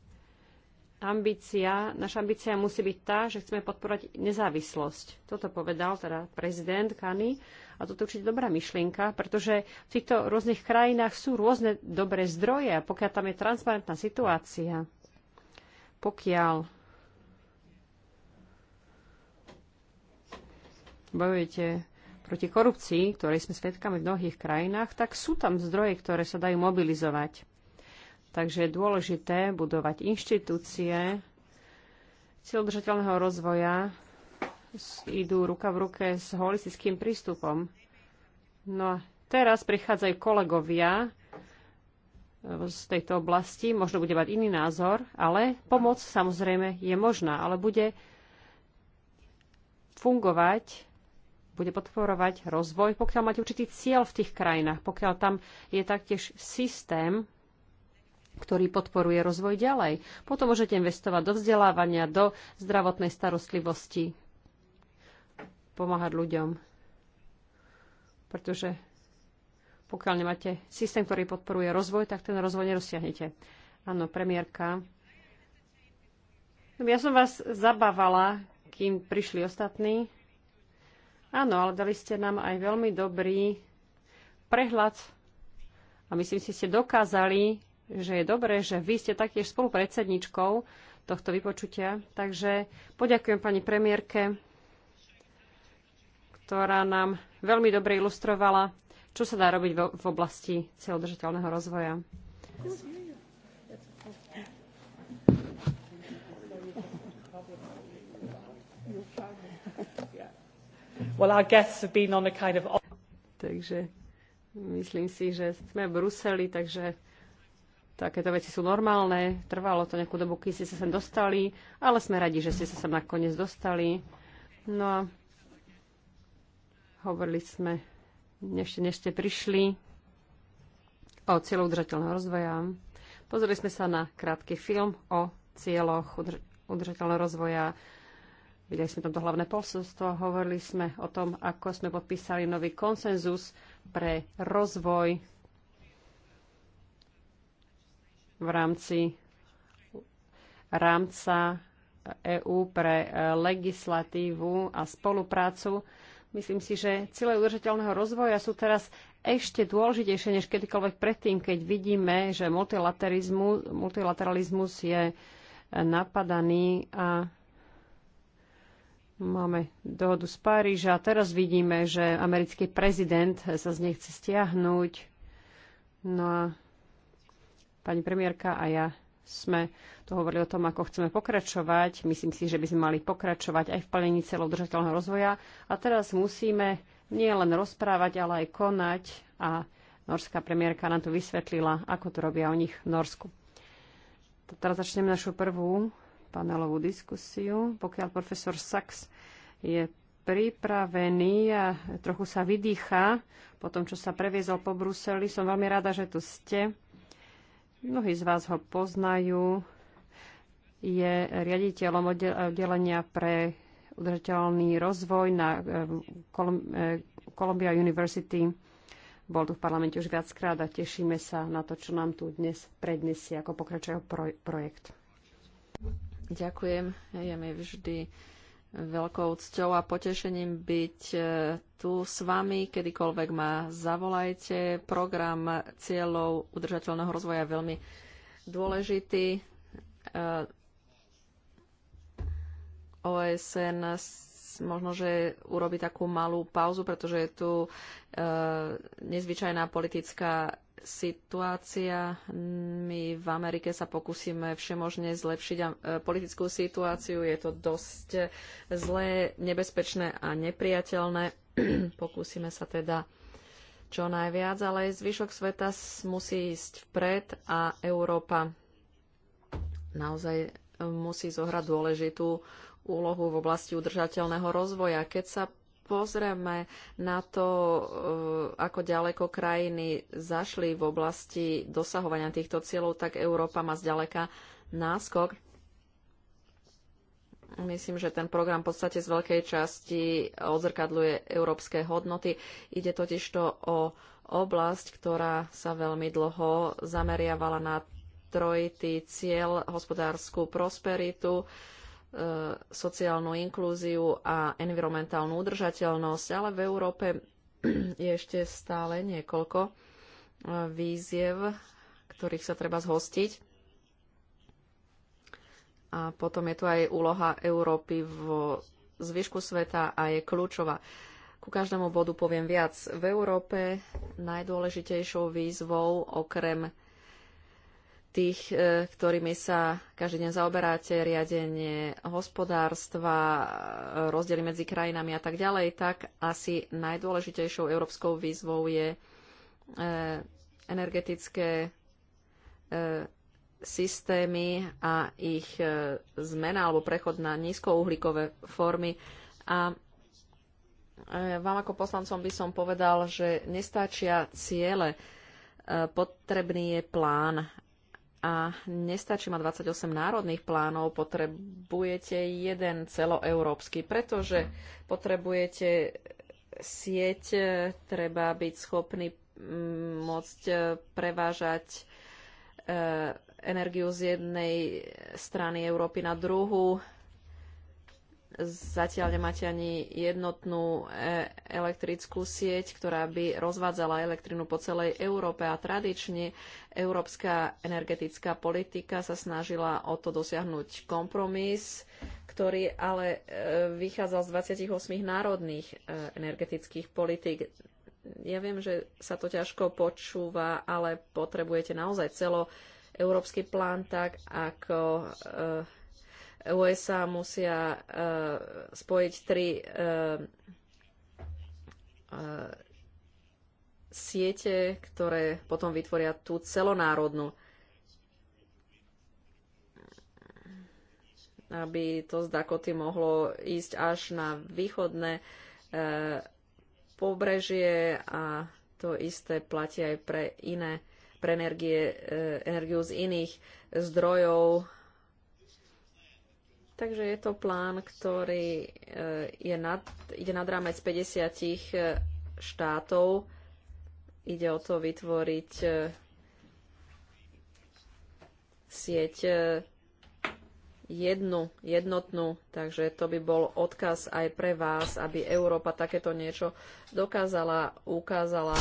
ambícia, naša ambícia musí byť tá, že chceme podporovať nezávislosť. Toto povedal teda prezident Kany a toto je určite dobrá myšlienka, pretože v týchto rôznych krajinách sú rôzne dobré zdroje a pokiaľ tam je transparentná situácia, pokiaľ bojujete proti korupcii, ktorej sme svedkami v mnohých krajinách, tak sú tam zdroje, ktoré sa dajú mobilizovať. Takže je dôležité budovať inštitúcie cieľodržateľného rozvoja idú ruka v ruke s holistickým prístupom. No a teraz prichádzajú kolegovia z tejto oblasti, možno bude mať iný názor, ale pomoc samozrejme je možná, ale bude fungovať bude podporovať rozvoj, pokiaľ máte určitý cieľ v tých krajinách, pokiaľ tam je taktiež systém, ktorý podporuje rozvoj ďalej. Potom môžete investovať do vzdelávania, do zdravotnej starostlivosti, pomáhať ľuďom. Pretože pokiaľ nemáte systém, ktorý podporuje rozvoj, tak ten rozvoj nerozťahnete. Áno, premiérka. Ja som vás zabávala, kým prišli ostatní. Áno, ale dali ste nám aj veľmi dobrý prehľad a myslím si, ste dokázali že je dobré, že vy ste taktiež spolupredsedničkou tohto vypočutia. Takže poďakujem pani premiérke, ktorá nám veľmi dobre ilustrovala, čo sa dá robiť v oblasti celodržateľného rozvoja. Well, our guests have been on a kind of... Takže myslím si, že sme v Bruseli, takže Takéto veci sú normálne, trvalo to nejakú dobu, kým ste sa sem dostali, ale sme radi, že ste sa sem nakoniec dostali. No a hovorili sme, ešte než ste prišli, o cieľu udržateľného rozvoja. Pozreli sme sa na krátky film o cieľoch udr- udržateľného rozvoja. Videli sme tam to hlavné posolstvo, hovorili sme o tom, ako sme podpísali nový konsenzus pre rozvoj v rámci rámca EÚ pre e, legislatívu a spoluprácu. Myslím si, že cíle udržateľného rozvoja sú teraz ešte dôležitejšie než kedykoľvek predtým, keď vidíme, že multilateralizmus, je e, napadaný a máme dohodu z Paríža. Teraz vidíme, že americký prezident sa z nej chce stiahnuť. No a Pani premiérka a ja sme tu hovorili o tom, ako chceme pokračovať. Myslím si, že by sme mali pokračovať aj v plnení celodržateľného rozvoja. A teraz musíme nie len rozprávať, ale aj konať. A norská premiérka nám tu vysvetlila, ako to robia o nich v Norsku. Teraz začneme našu prvú panelovú diskusiu. Pokiaľ profesor Sachs je pripravený a trochu sa vydýcha po tom, čo sa previezol po Bruseli. Som veľmi rada, že tu ste mnohí z vás ho poznajú, je riaditeľom oddelenia pre udržateľný rozvoj na e, e, Columbia University. Bol tu v parlamente už viackrát a tešíme sa na to, čo nám tu dnes prednesie ako pokračuje projekt. Ďakujem. Ja mi vždy veľkou cťou a potešením byť e, tu s vami. Kedykoľvek ma zavolajte. Program cieľov udržateľného rozvoja je veľmi dôležitý. E, OSN možno, že urobi takú malú pauzu, pretože je tu e, nezvyčajná politická situácia. My v Amerike sa pokúsime všemožne zlepšiť e, politickú situáciu. Je to dosť e, zlé, nebezpečné a nepriateľné. pokúsime sa teda čo najviac, ale zvyšok sveta musí ísť vpred a Európa naozaj e, musí zohrať dôležitú úlohu v oblasti udržateľného rozvoja. Keď sa pozrieme na to, e, ako ďaleko krajiny zašli v oblasti dosahovania týchto cieľov, tak Európa má zďaleka náskok. Myslím, že ten program v podstate z veľkej časti odzrkadľuje európske hodnoty. Ide totižto o oblasť, ktorá sa veľmi dlho zameriavala na trojitý cieľ, hospodárskú prosperitu, uh, E, sociálnu inklúziu a environmentálnu udržateľnosť, ale v Európe je ešte stále niekoľko e, víziev, ktorých sa treba zhostiť. A potom je tu aj úloha Európy vo zvyšku sveta a je kľúčová. Ku každému bodu poviem viac. V Európe najdôležitejšou výzvou okrem tých, e, ktorými sa každý deň zaoberáte, riadenie hospodárstva, e, rozdiely medzi krajinami a tak ďalej, tak asi najdôležitejšou európskou výzvou je e, energetické systémy a ich zmena alebo prechod na nízkouhlíkové formy. A vám ako poslancom by som povedal, že nestačia ciele potrebný je plán a nestačí ma 28 národných plánov, potrebujete jeden celoeurópsky, pretože potrebujete sieť, e, treba byť schopný mm, môcť e, prevážať e, energiu z jednej strany Európy na druhú, Zatiaľ nemáte ani jednotnú e, elektrickú sieť, ktorá by rozvádzala elektrinu po celej Európe a tradične európska energetická politika sa snažila o to dosiahnuť kompromis, ktorý ale e, vychádzal z 28 národných e, energetických politik ja viem, že sa to ťažko počúva, ale potrebujete naozaj celo európsky plán tak, ako USA musia eh, spojiť tri eh, eh, siete, ktoré potom vytvoria tú celonárodnú, aby to z Dakoty mohlo ísť až na východné e, pobrežie a to isté platí aj pre iné, pre energie, e, energiu z iných zdrojov, Takže je to plán, ktorý eh, je nad, ide nad rámec 50 eh, štátov. Ide o to vytvoriť eh, sieť jednu, jednotnú, takže to by bol odkaz aj pre vás, aby Európa takéto niečo dokázala, ukázala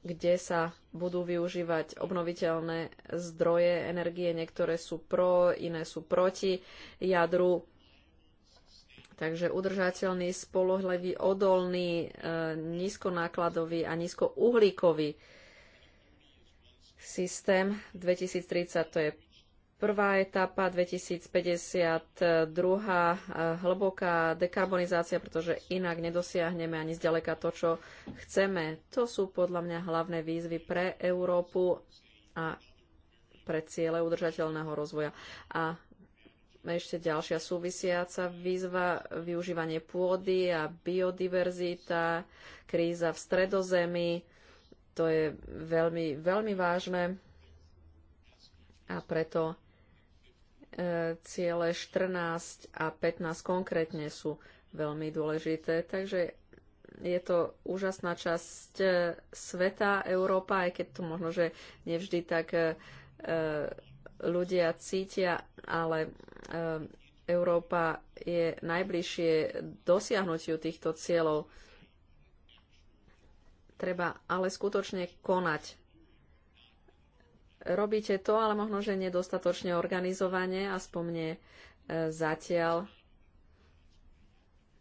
kde sa budú využívať obnoviteľné zdroje energie. Niektoré sú pro, iné sú proti jadru. Takže udržateľný, spolohlivý, odolný, e, nízkonákladový a nízkouhlíkový systém 2030 to je Prvá etapa 2050, druhá eh, hlboká dekarbonizácia, pretože inak nedosiahneme ani zďaleka to, čo chceme. To sú podľa mňa hlavné výzvy pre Európu a pre ciele udržateľného rozvoja. A ešte ďalšia súvisiaca výzva, využívanie pôdy a biodiverzita, kríza v stredozemi. To je veľmi, veľmi vážne a preto E, ciele 14 a 15 konkrétne sú veľmi dôležité. Takže je to úžasná časť e, sveta, Európa, aj keď to možno, že nevždy tak e, ľudia cítia, ale Európa je najbližšie dosiahnutiu týchto cieľov. Treba ale skutočne konať. Robíte to, ale možno, že nedostatočne organizovane, aspoň nie e, zatiaľ.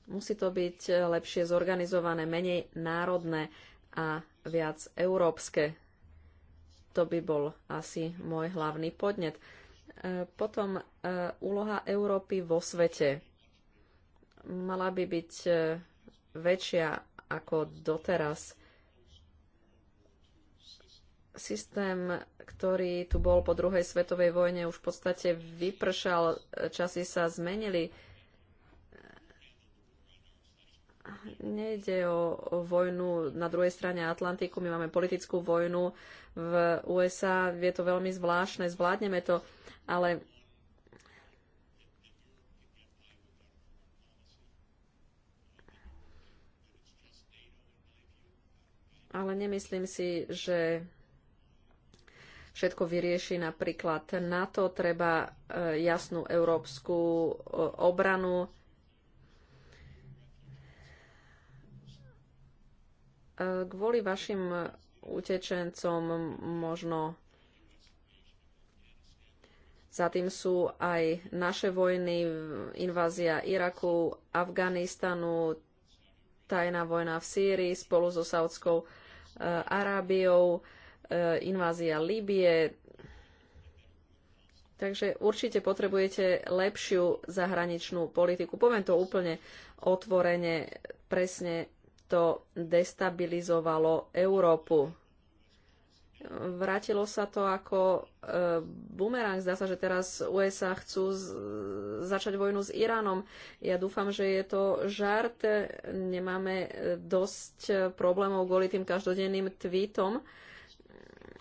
Musí to byť e, lepšie zorganizované, menej národné a viac európske. To by bol asi môj hlavný podnet. E, potom úloha Európy vo svete. Mala by byť väčšia ako doteraz systém, ktorý tu bol po druhej svetovej vojne, už v podstate vypršal, časy sa zmenili. Nejde o vojnu na druhej strane Atlantiku, my máme politickú vojnu v USA, je to veľmi zvláštne, zvládneme to, ale ale nemyslím si, že všetko vyrieši napríklad NATO, treba e, jasnú európsku e, obranu. E, kvôli vašim utečencom možno za tým sú aj naše vojny, invázia Iraku, Afganistanu, tajná vojna v Sýrii spolu so Saudskou Arábiou. E, invázia Líbie. Takže určite potrebujete lepšiu zahraničnú politiku. Poviem to úplne otvorene, presne to destabilizovalo Európu. Vrátilo sa to ako e, bumerang. Zdá sa, že teraz USA chcú z, začať vojnu s Iránom. Ja dúfam, že je to žart. Nemáme e, dosť e, problémov kvôli tým každodenným tweetom. E,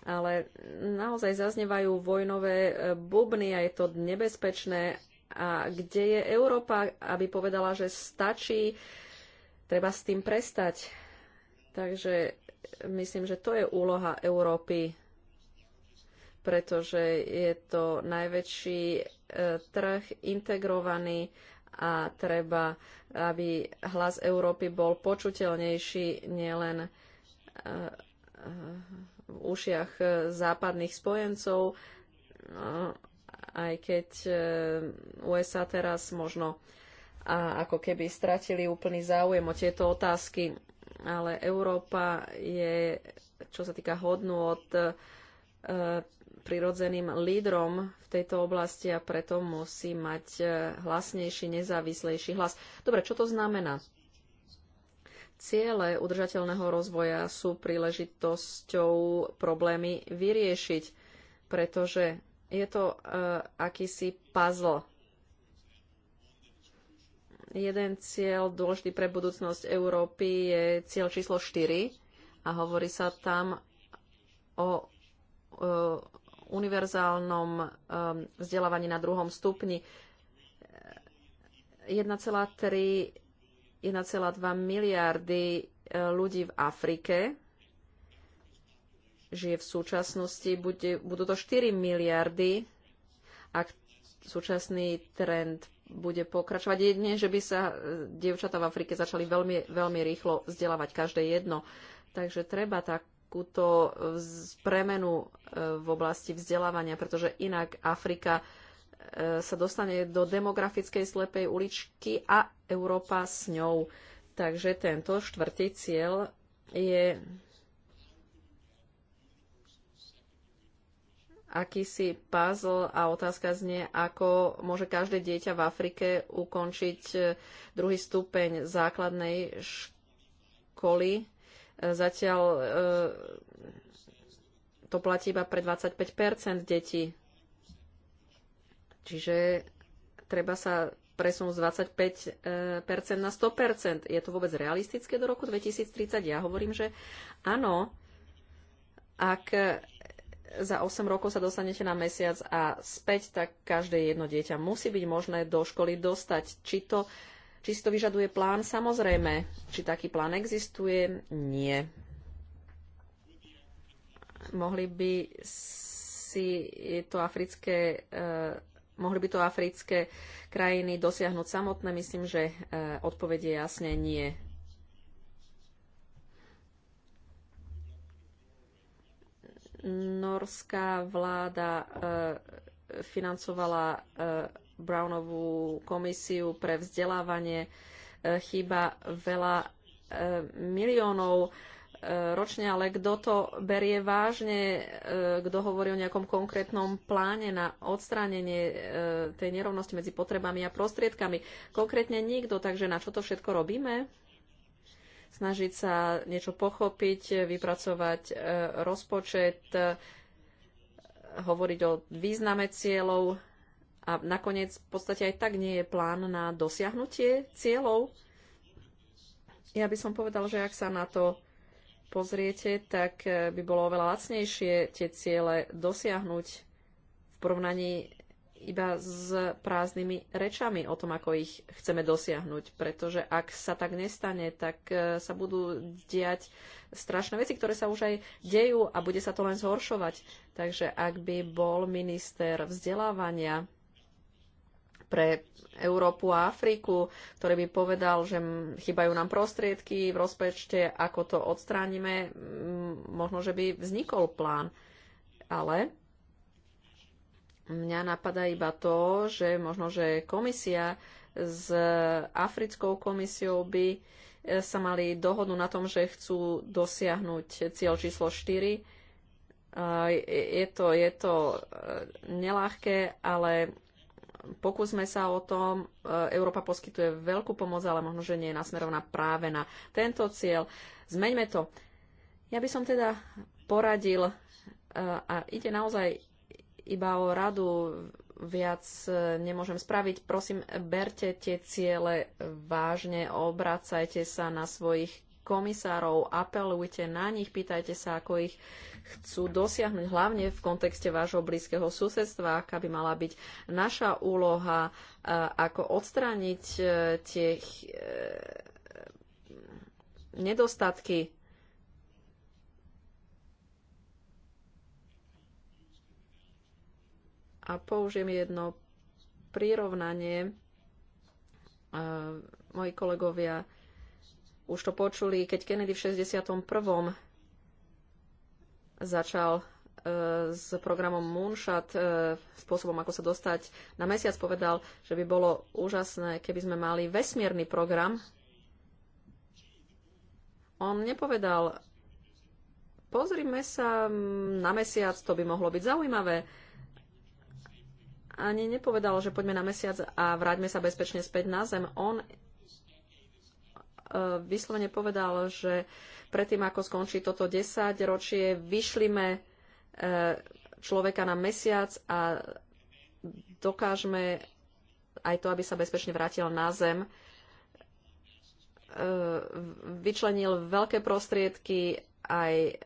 ale naozaj zaznevajú vojnové e, bubny a je to nebezpečné. A kde je Európa, aby povedala, že stačí, treba s tým prestať. Takže e, myslím, že to je úloha Európy, pretože je to najväčší e, trh integrovaný a treba, aby hlas Európy bol počuteľnejší nielen v ušiach e, západných spojencov, e, aj keď e, USA teraz možno ako keby stratili úplný záujem o tieto otázky, ale Európa je, čo sa týka hodnú od prirodzeným lídrom v tejto oblasti a preto musí mať hlasnejší, nezávislejší hlas. Dobre, čo to znamená? Ciele udržateľného rozvoja sú príležitosťou problémy vyriešiť, pretože je to uh, akýsi puzzle. Jeden cieľ dôležitý pre budúcnosť Európy je cieľ číslo 4 a hovorí sa tam o uh, univerzálnom um, vzdelávaní na druhom stupni. 1,3 1,2 miliardy e, ľudí v Afrike žije v súčasnosti, bude, budú to 4 miliardy, ak súčasný trend bude pokračovať. Jedne, že by sa e, dievčatá v Afrike začali veľmi, veľmi rýchlo vzdelávať, každé jedno. Takže treba takúto e, premenu v oblasti vzdelávania, pretože inak Afrika E, sa dostane do demografickej slepej uličky a Európa s ňou. Takže tento štvrtý cieľ je akýsi puzzle a otázka znie, ako môže každé dieťa v Afrike ukončiť e, druhý stupeň základnej školy. E, zatiaľ to platí iba pre 25 detí Čiže treba sa presunúť z 25% eh, na 100%. Je to vôbec realistické do roku 2030? Ja hovorím, že áno, ak za 8 rokov sa dostanete na mesiac a späť, tak každé jedno dieťa musí byť možné do školy dostať. Či, to, či si to vyžaduje plán? Samozrejme. Či taký plán existuje? Nie. Mohli by si to africké eh, Mohli by to africké krajiny dosiahnuť samotné? Myslím, že e, odpoveď je jasne nie. Norská vláda e, financovala e, Brownovú komisiu pre vzdelávanie. Chýba veľa miliónov ročne, ale kto to berie vážne, e, kto hovorí o nejakom konkrétnom pláne na odstránenie e, tej nerovnosti medzi potrebami a prostriedkami. Konkrétne nikto, takže na čo to všetko robíme? Snažiť sa niečo pochopiť, vypracovať e, rozpočet, hovoriť o význame cieľov a nakoniec v podstate aj tak nie je plán na dosiahnutie cieľov. Ja by som povedal, že ak sa na to pozriete, tak e, by bolo oveľa lacnejšie tie ciele dosiahnuť v porovnaní iba s prázdnymi rečami o tom, ako ich chceme dosiahnuť. Pretože ak sa tak nestane, tak e, sa budú diať strašné veci, ktoré sa už aj dejú a bude sa to len zhoršovať. Takže ak by bol minister vzdelávania pre Európu a Afriku, ktorý by povedal, že chýbajú nám prostriedky v rozpečte, ako to odstránime, možno, že by vznikol plán. Ale mňa napadá iba to, že možno, že komisia s Africkou komisiou by e, sa mali dohodnú na tom, že chcú dosiahnuť cieľ číslo 4. Je to, je to e, neľahké, ale pokúsme sa o tom. E, Európa poskytuje veľkú pomoc, ale možno, že nie je nasmerovaná práve na tento cieľ. Zmeňme to. Ja by som teda poradil, e, a ide naozaj iba o radu, viac e, nemôžem spraviť. Prosím, berte tie ciele vážne, obracajte sa na svojich komisárov, apelujte na nich, pýtajte sa, ako ich chcú dosiahnuť, hlavne v kontexte vášho blízkeho susedstva, aká by mala byť naša úloha, e, ako odstrániť e, tie e, nedostatky a použijem jedno prirovnanie. Moji kolegovia už to počuli, keď Kennedy v 61. začal e, s programom Moonshot, e, spôsobom, ako sa dostať na mesiac, povedal, že by bolo úžasné, keby sme mali vesmírny program. On nepovedal, pozrime sa na mesiac, to by mohlo byť zaujímavé. Ani nepovedal, že poďme na mesiac a vráťme sa bezpečne späť na Zem. On E, vyslovene povedal, že predtým, ako skončí toto 10 ročie, vyšlime e, človeka na mesiac a dokážeme aj to, aby sa bezpečne vrátil na zem. E, vyčlenil veľké prostriedky, aj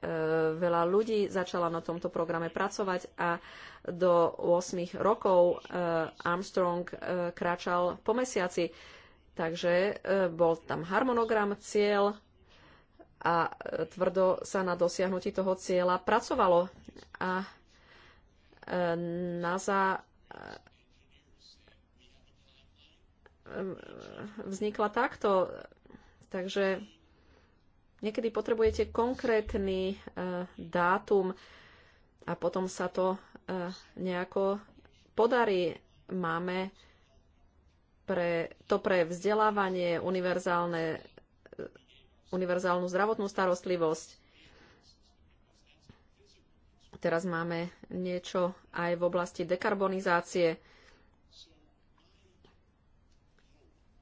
veľa ľudí začala na tomto programe pracovať a do 8 rokov Armstrong kráčal po mesiaci Takže e, bol tam harmonogram cieľ a e, tvrdo sa na dosiahnutí toho cieľa pracovalo. A e, NASA vznikla takto. Takže niekedy potrebujete konkrétny dátum a potom sa to nejako podarí. Máme pre, to pre vzdelávanie, univerzálne, univerzálnu zdravotnú starostlivosť. Teraz máme niečo aj v oblasti dekarbonizácie.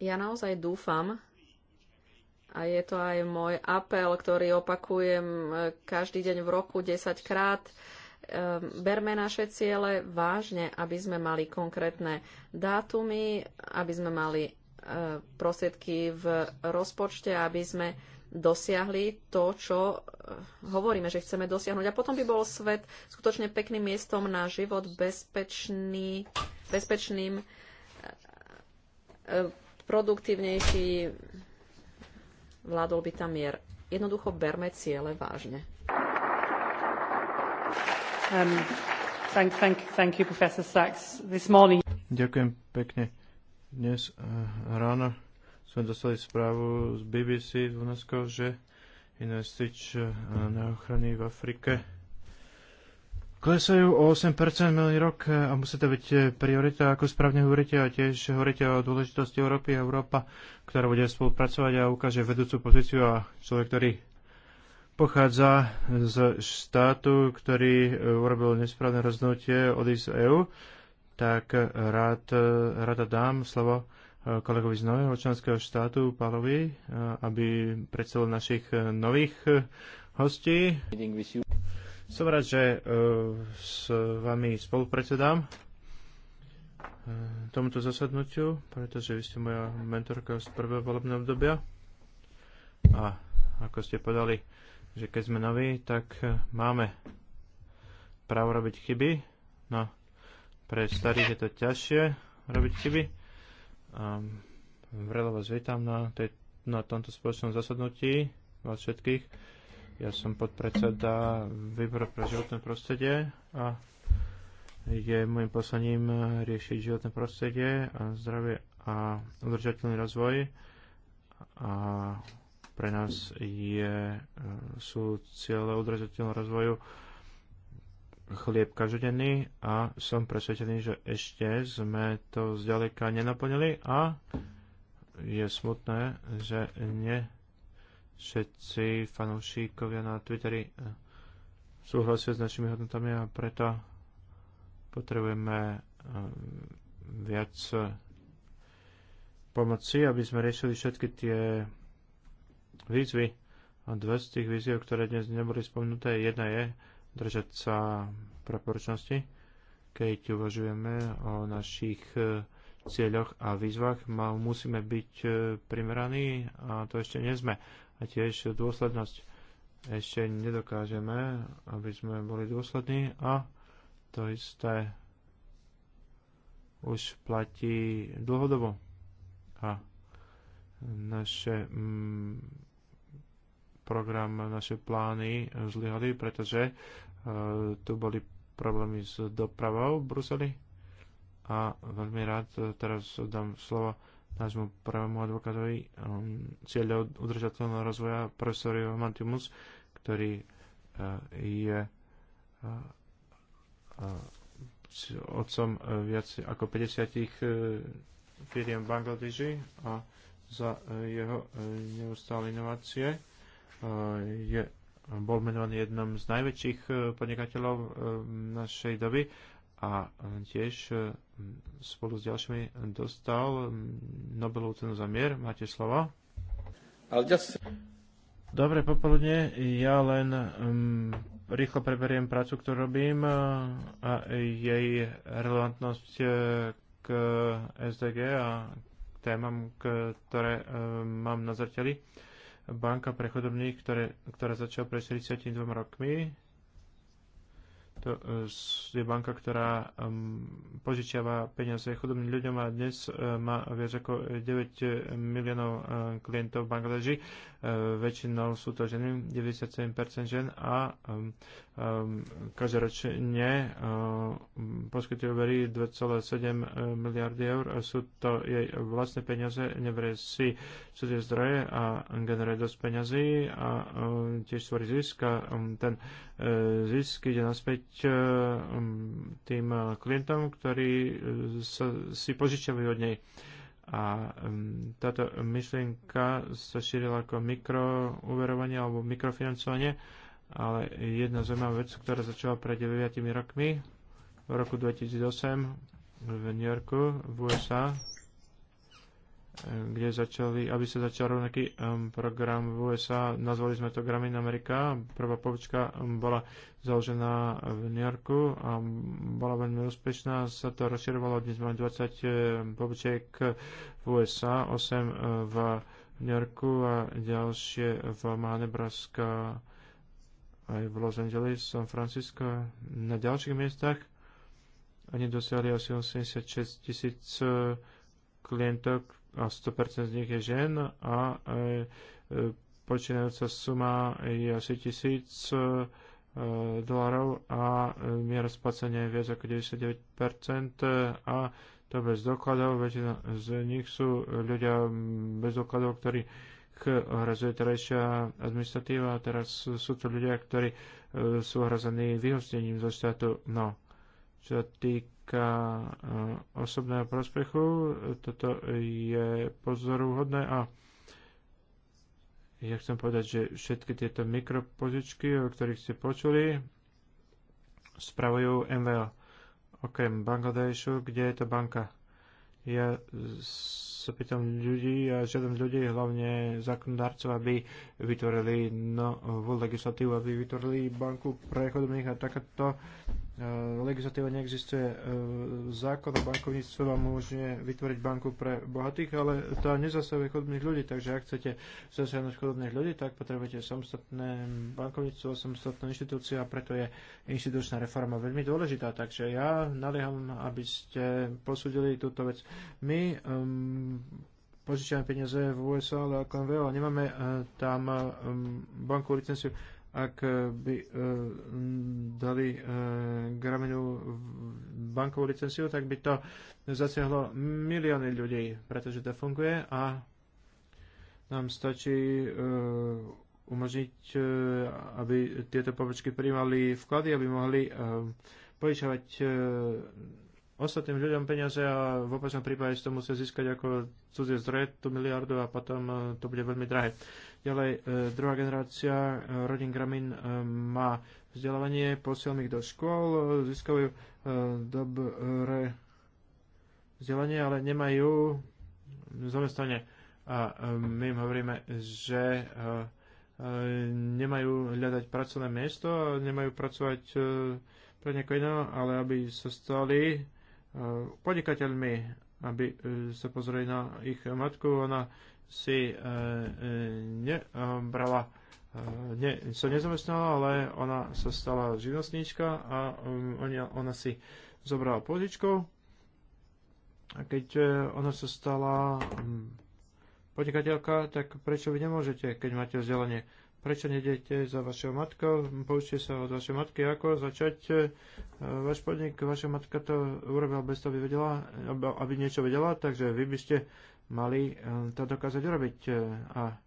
Ja naozaj dúfam, a je to aj môj apel, ktorý opakujem e, každý deň v roku 10 krát, Ehm, berme naše ciele vážne, aby sme mali konkrétne dátumy, aby sme mali e, prostriedky v rozpočte, aby sme dosiahli to, čo e, hovoríme, že chceme dosiahnuť. A potom by bol svet skutočne pekným miestom na život, bezpečný, bezpečným, e, produktívnejší, vládol by tam mier. Jednoducho berme ciele vážne. Um, Ďakujem pekne. Dnes eh, ráno sme dostali správu z BBC z UNESCO, že eh, na ochrany v Afrike klesajú o 8% minulý rok eh, a musí to byť priorita, ako správne hovoríte, a tiež hovoríte o dôležitosti Európy a Európa, ktorá bude spolupracovať a ukáže vedúcu pozíciu a človek, ktorý pochádza z štátu, ktorý e, urobil nesprávne rozhodnutie od EU, tak rád, e, rada dám slovo e, kolegovi z nového členského štátu, Pálovi, aby predstavil našich nových hostí. Som rád, že s vami spolupredsedám tomuto zasadnutiu, pretože vy ste moja mentorka z prvého volebného obdobia. A ako ste podali, že keď sme noví, tak e, máme právo robiť chyby. No, pre starých je to ťažšie robiť chyby. Um, Vrelo vás vítam na, tej, na tomto spoločnom zasadnutí vás všetkých. Ja som podpredseda Výboru pre životné prostredie a je môjim poslaním e, riešiť životné prostredie a zdravie a udržateľný rozvoj a pre nás je, e, sú cieľe udržateľného rozvoju chlieb každodenný a som presvedčený, že ešte sme to zďaleka nenaplnili a je smutné, že nie všetci fanúšikovia na Twitteri e, súhlasia s našimi hodnotami a preto potrebujeme e, viac pomoci, aby sme riešili všetky tie výzvy a dve z tých výziev, ktoré dnes neboli spomenuté, jedna je držať sa preporučnosti. keď uvažujeme o našich e, cieľoch a výzvach, musíme byť e, primeraní a to ešte nie sme. A tiež dôslednosť ešte nedokážeme, aby sme boli dôslední a to isté už platí dlhodobo. A naše mm, program, naše plány zlyhali, pretože e, tu boli problémy s dopravou v Bruseli. A veľmi rád teraz dám slovo nášmu prvému advokátovi um, cieľa udržateľného rozvoja, profesor Mantimus, ktorý uh, je uh, uh, otcom uh, viac ako 50 uh, firiem v Bangladeži a za uh, jeho uh, neustále inovácie je, bol menovaný jednom z najväčších eh, podnikateľov eh, našej doby a eh, tiež spolu s ďalšími dostal mm, Nobelovú cenu za mier. Máte slovo? Dobre popoludne, ja len um, rýchlo preberiem prácu, ktorú robím a jej relevantnosť k SDG a témam, ktoré uh, mám na zrteli. Uh, banka pre chudobných, ktoré, ktorá začala pred 42 rokmi to e, je banka, ktorá požičiava peniaze chudobným ľuďom a dnes e, má viac ako 9 miliónov e, klientov v Bangladeži. Väčšinou sú to ženy, 97% žen a každoročne poskytujú úvery 2,7 miliardy eur. Sú to jej vlastné peniaze, nevrie si cudzie zdroje a generuje dosť peniazy a tiež tvorí zisk a ten zisk ide naspäť E, tým klientom, ktorí e, sa, si požičiavajú od nej. A táto myšlienka sa šírila ako mikrouverovanie alebo mikrofinancovanie, ale jedna zaujímavá vec, ktorá začala pred 9 rokmi, v roku 2008 v New Yorku, v USA, kde začali, aby sa začal rovnaký um, program v USA. Nazvali sme to Gramin Amerika, Prvá pobočka um, bola založená v New Yorku a bola veľmi úspešná. Sa to rozširovalo, dnes máme 20 um, pobočiek v USA, 8 uh, v New Yorku a ďalšie v Manebraska aj v Los Angeles, San Francisco na ďalších miestach. Oni dosiahli asi 86 tisíc uh, klientov, a 100% z nich je žen a e, e, počínajúca suma je asi 1000 e, e, dolarov a miera splacenia je viac ako 99% a to bez dokladov, väčšina z nich sú ľudia bez dokladov, ktorí ohrazuje terajšia administratíva a teraz sú to ľudia, ktorí sú ohrazení vyhostením zo štátu. No, čo týka týka eh, osobného prospechu, toto je pozoruhodné a ja chcem povedať, že všetky tieto mikropožičky, o ktorých ste počuli, spravujú MVL. Okrem Bangladešu, kde je to banka? Ja sa pýtam ľudí a žiadam ľudí, hlavne zákonodárcov, aby vytvorili novú legislatívu, aby vytvorili banku pre a takáto E, legislatíva neexistuje. E, zákon o bankovníctve vám umožňuje vytvoriť banku pre bohatých, ale tá nezasahuje chodobných ľudí, takže ak chcete zasiahnuť chodobných ľudí, tak potrebujete samostatné bankovníctvo, samostatnú inštitúciu a preto je inštitúčná reforma veľmi dôležitá. Takže ja nalieham, aby ste posúdili túto vec. My um, požičiame peniaze v USA, ale ako veľa, nemáme uh, tam um, bankovú licenciu ak eh, by e, dali e, eh, Graminu bankovú licenciu, tak by to zasiahlo milióny ľudí, pretože to funguje a nám stačí e, umožniť, e, aby tieto pobočky prijímali vklady, aby mohli e, požičavať e, ostatným ľuďom peniaze a v opačnom prípade to musia získať ako cudzie zdroje tú miliardu a potom e, to bude veľmi drahé. Ďalej, e, druhá generácia e, rodín Gramin má vzdelávanie, posielam ich do škôl, získajú dobré vzdelanie, ale nemajú zamestnanie. A my im hovoríme, že nemajú hľadať pracovné miesto, nemajú pracovať pre niekoho iného, ale aby sa stali Eh, podnikateľmi, aby eh, sa pozreli na ich matku. Ona si eh, nebrala ne, sa nezamestnala, ale ona sa stala živnostníčka a ona, si zobrala pozičku A keď ona sa stala hm, podnikateľka, tak prečo vy nemôžete, keď máte vzdelanie? prečo nedete za vašou matkou, poučte sa od vašej matky, ako začať e, váš podnik, vaša matka to urobila bez toho, aby, vedela, aby niečo vedela, takže vy by ste mali e, to dokázať urobiť. E, a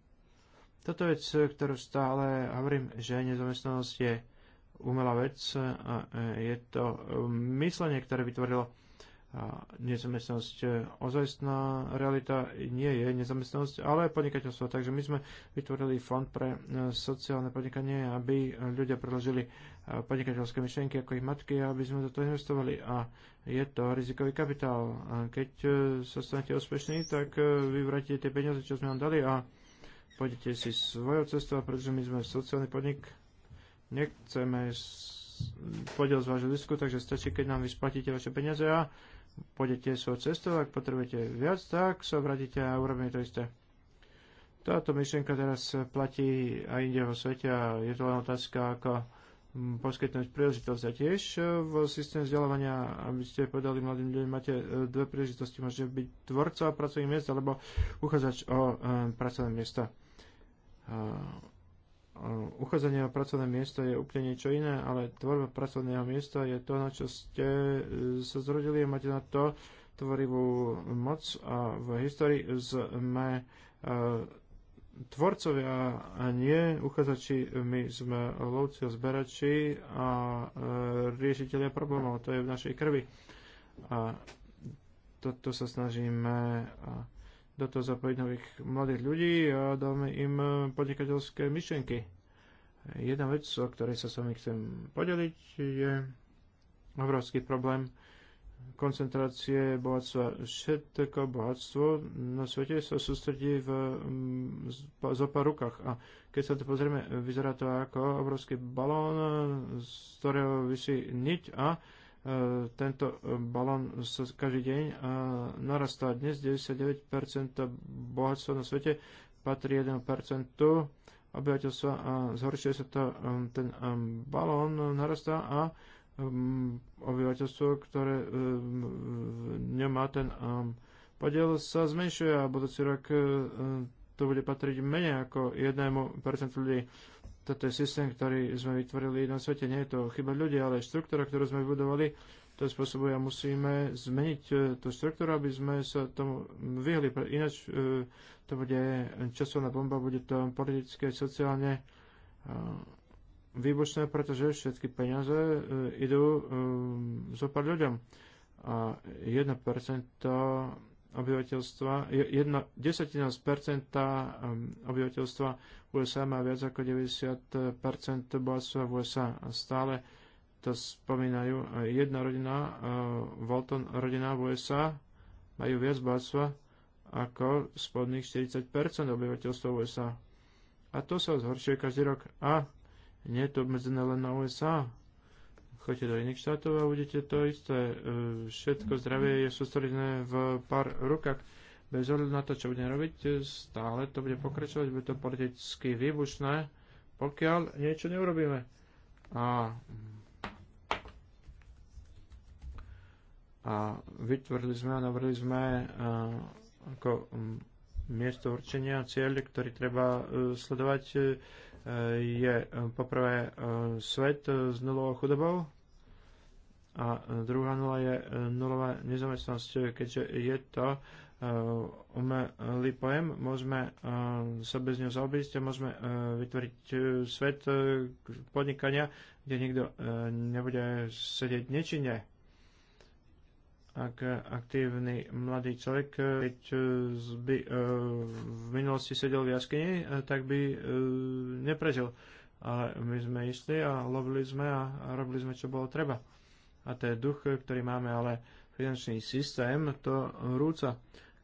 toto vec, ktorú stále hovorím, že nezamestnanosť je umelá vec a je to myslenie, ktoré vytvorilo nezamestnanosť. E, ozajstná realita nie je nezamestnanosť, ale podnikateľstvo. Takže my sme vytvorili fond pre e, sociálne podnikanie, aby ľudia predložili e, podnikateľské myšlienky ako ich matky, aby sme do toho investovali. A je to rizikový kapitál. keď sa stanete úspešní, tak vyvratíte tie peniaze, čo sme vám dali a pôjdete si svojou cestou, pretože my sme sociálny podnik. Nechceme podiel z vášho zisku, takže stačí, keď nám vysplatíte vaše peniaze a pôjdete svoj cestou, ak potrebujete viac, tak sa obradíte a urobíme to isté. Táto myšlienka teraz platí aj inde vo svete a je to len otázka, ako poskytnúť príležitosť. A tiež e, v systém vzdelávania, aby ste povedali mladým ľuďom, máte e, dve príležitosti. Môžete byť tvorca pracovných miest alebo uchádzač o e, pracovné miesta. Eh, uchádzanie o pracovné miesto je úplne niečo iné, ale tvorba pracovného miesta je to, na čo ste eh, sa zrodili a máte na to tvorivú moc a v histórii sme eh, tvorcovia a nie uchádzači, my sme lovci a zberači a riešiteľia problémov, to je v našej krvi. A toto sa snažíme do toho zapojiť nových mladých ľudí a dáme im podnikateľské myšlienky. Jedna vec, o ktorej sa s vami chcem podeliť, je obrovský problém koncentrácie bohatstva. Všetko bohatstvo na svete sa sústredí v mm, zopár rukách. A keď sa to pozrieme, vyzerá to ako obrovský balón, z ktorého vysí niť a E, tento e, balón sa každý deň a e, narastá. Dnes 99% bohatstva na svete patrí 1% obyvateľstva a zhoršuje sa to, ten balón narastá a obyvateľstvo, ktoré nemá ten podiel, sa zmenšuje a budúci rok to bude patriť menej ako 1% ľudí. Toto je systém, ktorý sme vytvorili na svete. Nie je to chyba ľudí, ale štruktúra, ktorú sme vybudovali, to spôsobuje a musíme zmeniť e, tú štruktúru, aby sme sa tomu vyhli. Ináč e, to bude časovná bomba, bude to politické, sociálne e, výbušné, pretože všetky peniaze idú zopár ľuďom. A 1% obyvateľstva, jedna desatina z percenta um, obyvateľstva USA má viac ako 90 bohatstva v USA. A stále to spomínajú. Jedna rodina, uh, Walton rodina v USA, majú viac bohatstva ako spodných 40 obyvateľstva v USA. A to sa zhoršuje každý rok. A nie je to obmedzené len na USA. Choďte do iných štátov a budete to isté. E, všetko zdravie je sústredené v pár rukách. Bez ohľadu na to, čo budeme robiť, e, stále to bude pokračovať, bude to politicky výbušné, pokiaľ niečo neurobíme. A a vytvorili sme a navrhli sme e, ako miesto určenia cieľ, ktorý treba sledovať je poprvé svet s nulovou chudobou a e, druhá nula je e, nulová nezamestnanosť, keďže je to e, umelý pojem, môžeme sa bez ňou zaobísť a môžeme vytvoriť svet podnikania, kde nikto nebude sedieť nečine. Ak aktívny mladý človek, keď by v minulosti sedel v jaskyni, tak by neprežil. Ale my sme išli a lovili sme a robili sme, čo bolo treba a to je duch, ktorý máme, ale finančný systém to rúca.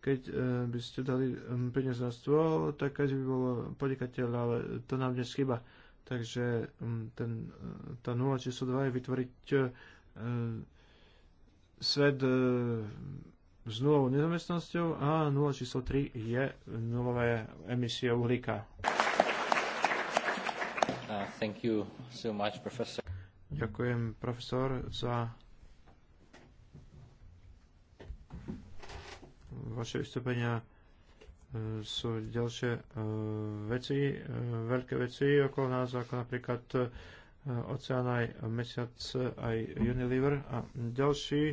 Keď e, by ste dali peniaz na stôl, tak každý by bol podnikateľ, ale to nám dnes chyba. Takže ten, e, tá nula číslo 2 je vytvoriť e, svet s nulovou nezamestnanosťou a 0, číslo 3 je nulové emisie uhlíka. Uh, thank you so much, professor. Ďakujem, profesor, za vaše vystúpenia e, sú ďalšie e, veci, e, veľké veci okolo nás, ako napríklad Oceán aj Mesiac aj Unilever a ďalší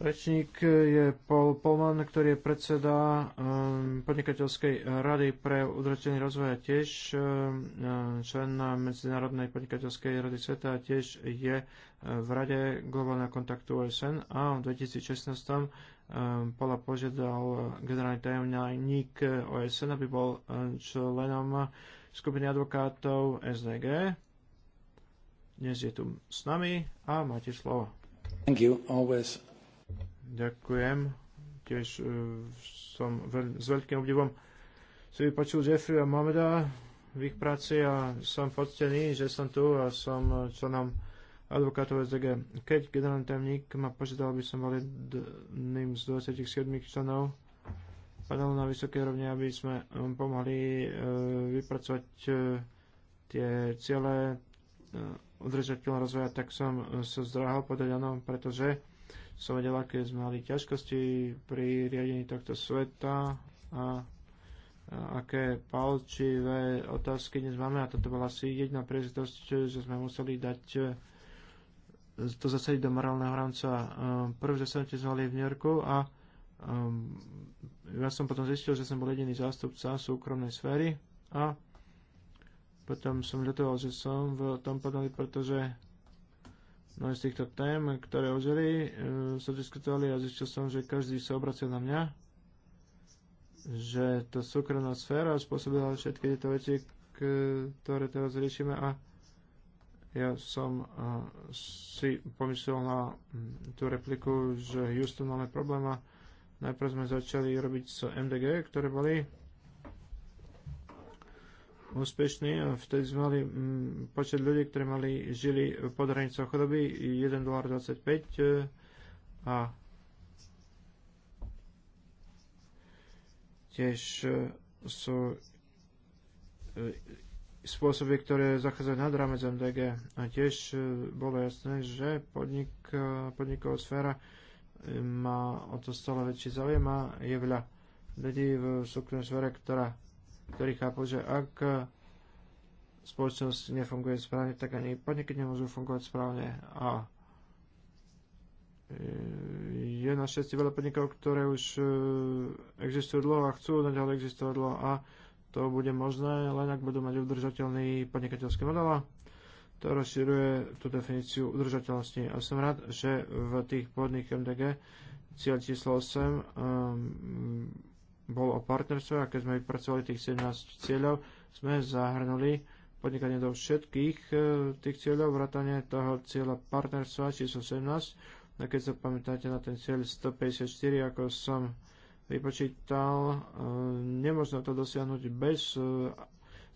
Rečník je Paul Polman, ktorý je predseda ehm, podnikateľskej rady pre udržateľný rozvoj a tiež ehm, ehm, člen Medzinárodnej podnikateľskej rady sveta a tiež je v Rade globálneho kontaktu OSN a v 2016 Paula požiadal generálny tajomník OSN, aby bol členom skupiny advokátov SDG. Dnes je tu s nami a máte slovo. Thank you, always Ďakujem. Tiež e, som veľ, s veľkým obdivom si vypočul Jeffrey a Mameda v ich práci a som poctený, že som tu a som členom advokátov SDG. Keď generálny tajomník ma požiadal, aby som bol jedným z 27 členov panelu na vysokej rovne, aby sme pomohli e, vypracovať e, tie ciele udržateľného rozvoja, tak som sa zdráhal podať áno, pretože som vedel, aké sme mali ťažkosti pri riadení tohto sveta a, a aké palčivé otázky dnes máme a toto bola asi jedna príležitosť, že sme museli dať e, to zasadiť do morálneho rámca. E, prvé zasadnutie sme mali v New Yorku a um, ja som potom zistil, že som bol jediný zástupca súkromnej sféry a potom som ľutoval, že som v tom podali, pretože No z týchto tém, ktoré e, sa diskutovali a zistil som, že každý sa obracia na mňa, že tá súkromná sféra spôsobila všetky tieto veci, ktoré teraz riešime a ja som e, si pomyslel na mm, tú repliku, že Houston máme problém a najprv sme začali robiť s MDG, ktoré boli úspešní a vtedy sme mali mm, počet ľudí, ktorí mali, žili pod hranicou chudoby 1,25 e, a tiež e, sú e, spôsoby, ktoré zachádzajú nad rámec MDG. A tiež bolo jasné, že podnik, podniková sféra má o to stále väčší záujem a je veľa ľudí v súkromnej sfére, ktorá ktorí chápu, že ak spoločnosť nefunguje správne, tak ani podniky nemôžu fungovať správne a e, je na šťastie veľa podnikov, ktoré už e, existujú dlho a chcú naďalej existovať dlho a to bude možné len ak budú mať udržateľný podnikateľský model a to rozširuje tú definíciu udržateľnosti. A som rád, že v tých pôvodných MDG cieľ číslo 8 um, bol o partnerstve a keď sme vypracovali tých 17 cieľov, sme zahrnuli podnikanie do všetkých e, tých cieľov, vrátanie toho cieľa partnerstva číslo 17. A keď sa pamätáte na ten cieľ 154, ako som vypočítal, e, nemôžno to dosiahnuť bez e,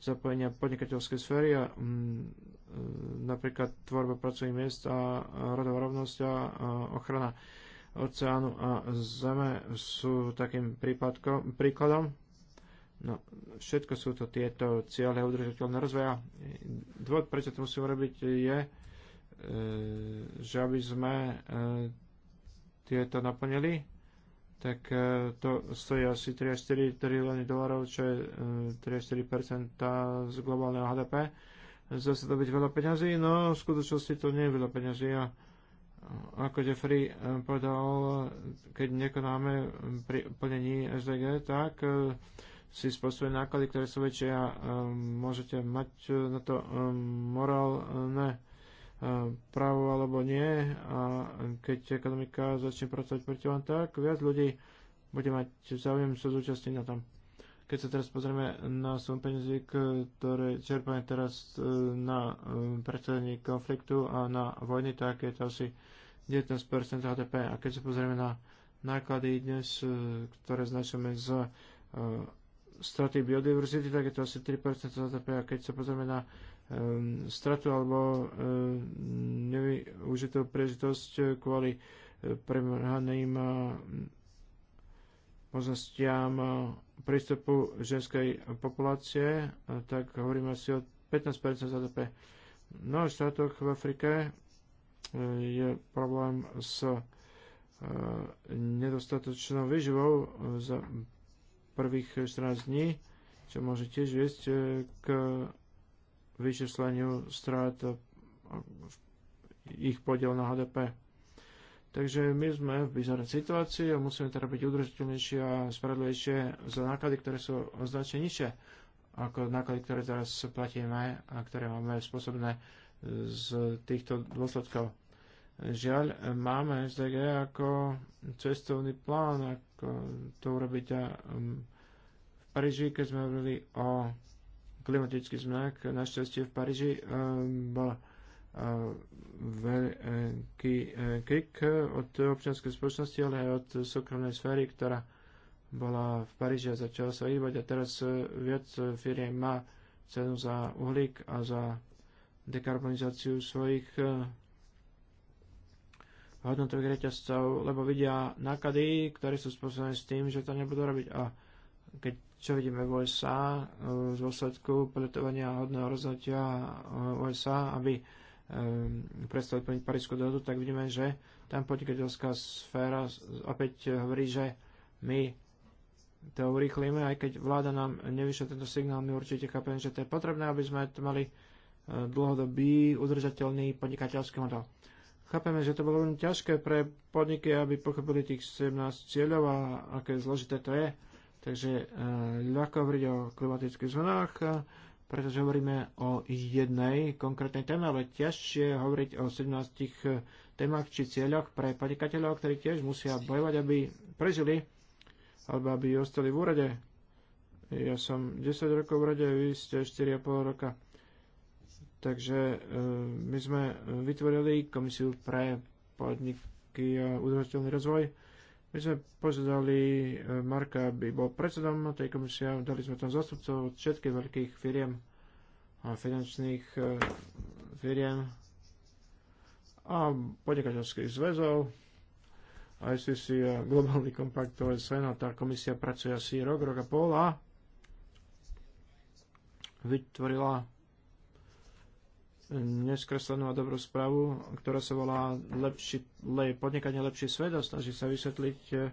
zapojenia podnikateľskej sféry a mm, napríklad tvorba pracovných miest a rodová rovnosť a ochrana oceánu a zeme sú takým prípadkom príkladom. No, všetko sú to tieto cieľe udržateľného rozvoja. Dôvod, prečo to musíme robiť, je, e, že aby sme e, tieto naplnili, tak e, to stojí asi 34 trilióny dolarov, čo je 34 z globálneho HDP. Zase to byť veľa peňazí, no v skutočnosti to nie je veľa peňazí a ako Jeffrey eh, povedal, keď nekonáme pri plnení SDG, tak eh, si spôsobuje náklady, ktoré sú väčšie a eh, môžete mať na to morálne právo alebo nie a keď ekonomika začne pracovať proti vám, tak viac ľudí bude mať záujem sa zúčastniť na tom. Keď sa teraz pozrieme na sum peniazy, ktoré čerpáme teraz e, na e, predstavenie konfliktu a na vojny, tak je to asi 19% HDP. A keď sa pozrieme na náklady dnes, e, ktoré značíme z straty biodiverzity, tak je to asi 3% HDP. A keď sa pozrieme na stratu alebo nevyužitú príležitosť kvôli premrhaným možnostiam eh, prístupu ženskej populácie, eh, tak hovoríme si o 15% HDP. No, v a štátok v Afrike eh, je problém s nedostatočnou výživou za prvých 14 dní, čo môže tiež viesť k vyčísleniu strát ich podiel na HDP. Takže my sme v bizarnej situácii a musíme teda byť udržateľnejšie a spravodlivejšie za náklady, ktoré sú označne nižšie ako náklady, ktoré teraz platíme a ktoré máme spôsobné z týchto dôsledkov. Žiaľ, máme SDG ako cestovný plán, ako to urobiť a um, v Paríži, keď sme hovorili o klimatických zmenách, našťastie v Paríži um, bola veľký e, krik od občianskej spoločnosti, ale aj od súkromnej sféry, ktorá bola v Paríži a začala sa hýbať a teraz e, viac firiem má cenu za uhlík a za dekarbonizáciu svojich e, hodnotových reťazcov, lebo vidia náklady, ktoré sú spôsobené s tým, že to nebudú robiť. A keď čo vidíme v USA v dôsledku poletovania hodného rozhodnutia USA, aby Ehm, prestali plniť Parísku dohodu, tak vidíme, že tam podnikateľská sféra opäť hovorí, že my to urýchlíme, aj keď vláda nám nevyšle tento signál, my určite chápeme, že to je potrebné, aby sme mali e, dlhodobý, udržateľný podnikateľský model. Chápeme, že to bolo veľmi ťažké pre podniky, aby pochopili tých 17 cieľov a aké zložité to je. Takže e, ľahko hovoriť o klimatických zmenách, pretože hovoríme o jednej konkrétnej téme, ale ťažšie hovoriť o 17 témach či cieľoch pre podnikateľov, ktorí tiež musia bojovať, aby prežili alebo aby ostali v úrade. Ja som 10 rokov v úrade, vy ste 4,5 roka. Takže e, my sme vytvorili komisiu pre podniky a udržateľný rozvoj my sme požiadali e, Marka, aby bol predsedom tej komisie, dali sme tam zastupcov od všetkých veľkých firiem a finančných e, firiem a podnikateľských zväzov, ICC a globálny kompakt OSN a tá komisia pracuje asi rok, rok a pol a vytvorila neskreslenú a dobrú správu, ktorá sa volá lepší, le, podnikanie lepší svet a snaží sa vysvetliť eh,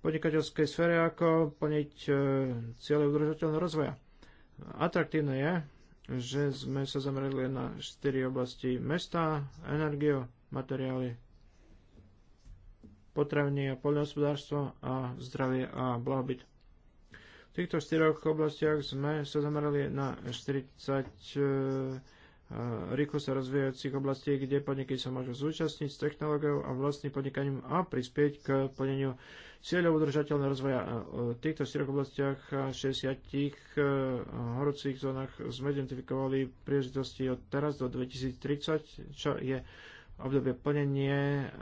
podnikateľskej sfére, ako plniť eh, cieľe udržateľného rozvoja. Atraktívne je, že sme sa zamerali na štyri oblasti mesta, energiu, materiály, potraviny a poľnohospodárstvo a zdravie a blahobyt. V týchto štyroch oblastiach sme sa zamerali na 40 rýchlo sa rozvíjajúcich oblastí, kde podniky sa môžu zúčastniť s technológiou a vlastným podnikaním a prispieť k plneniu cieľov udržateľného rozvoja. V týchto štyroch oblastiach 60 e, horúcich zónach sme identifikovali príležitosti od teraz do 2030, čo je obdobie plnenie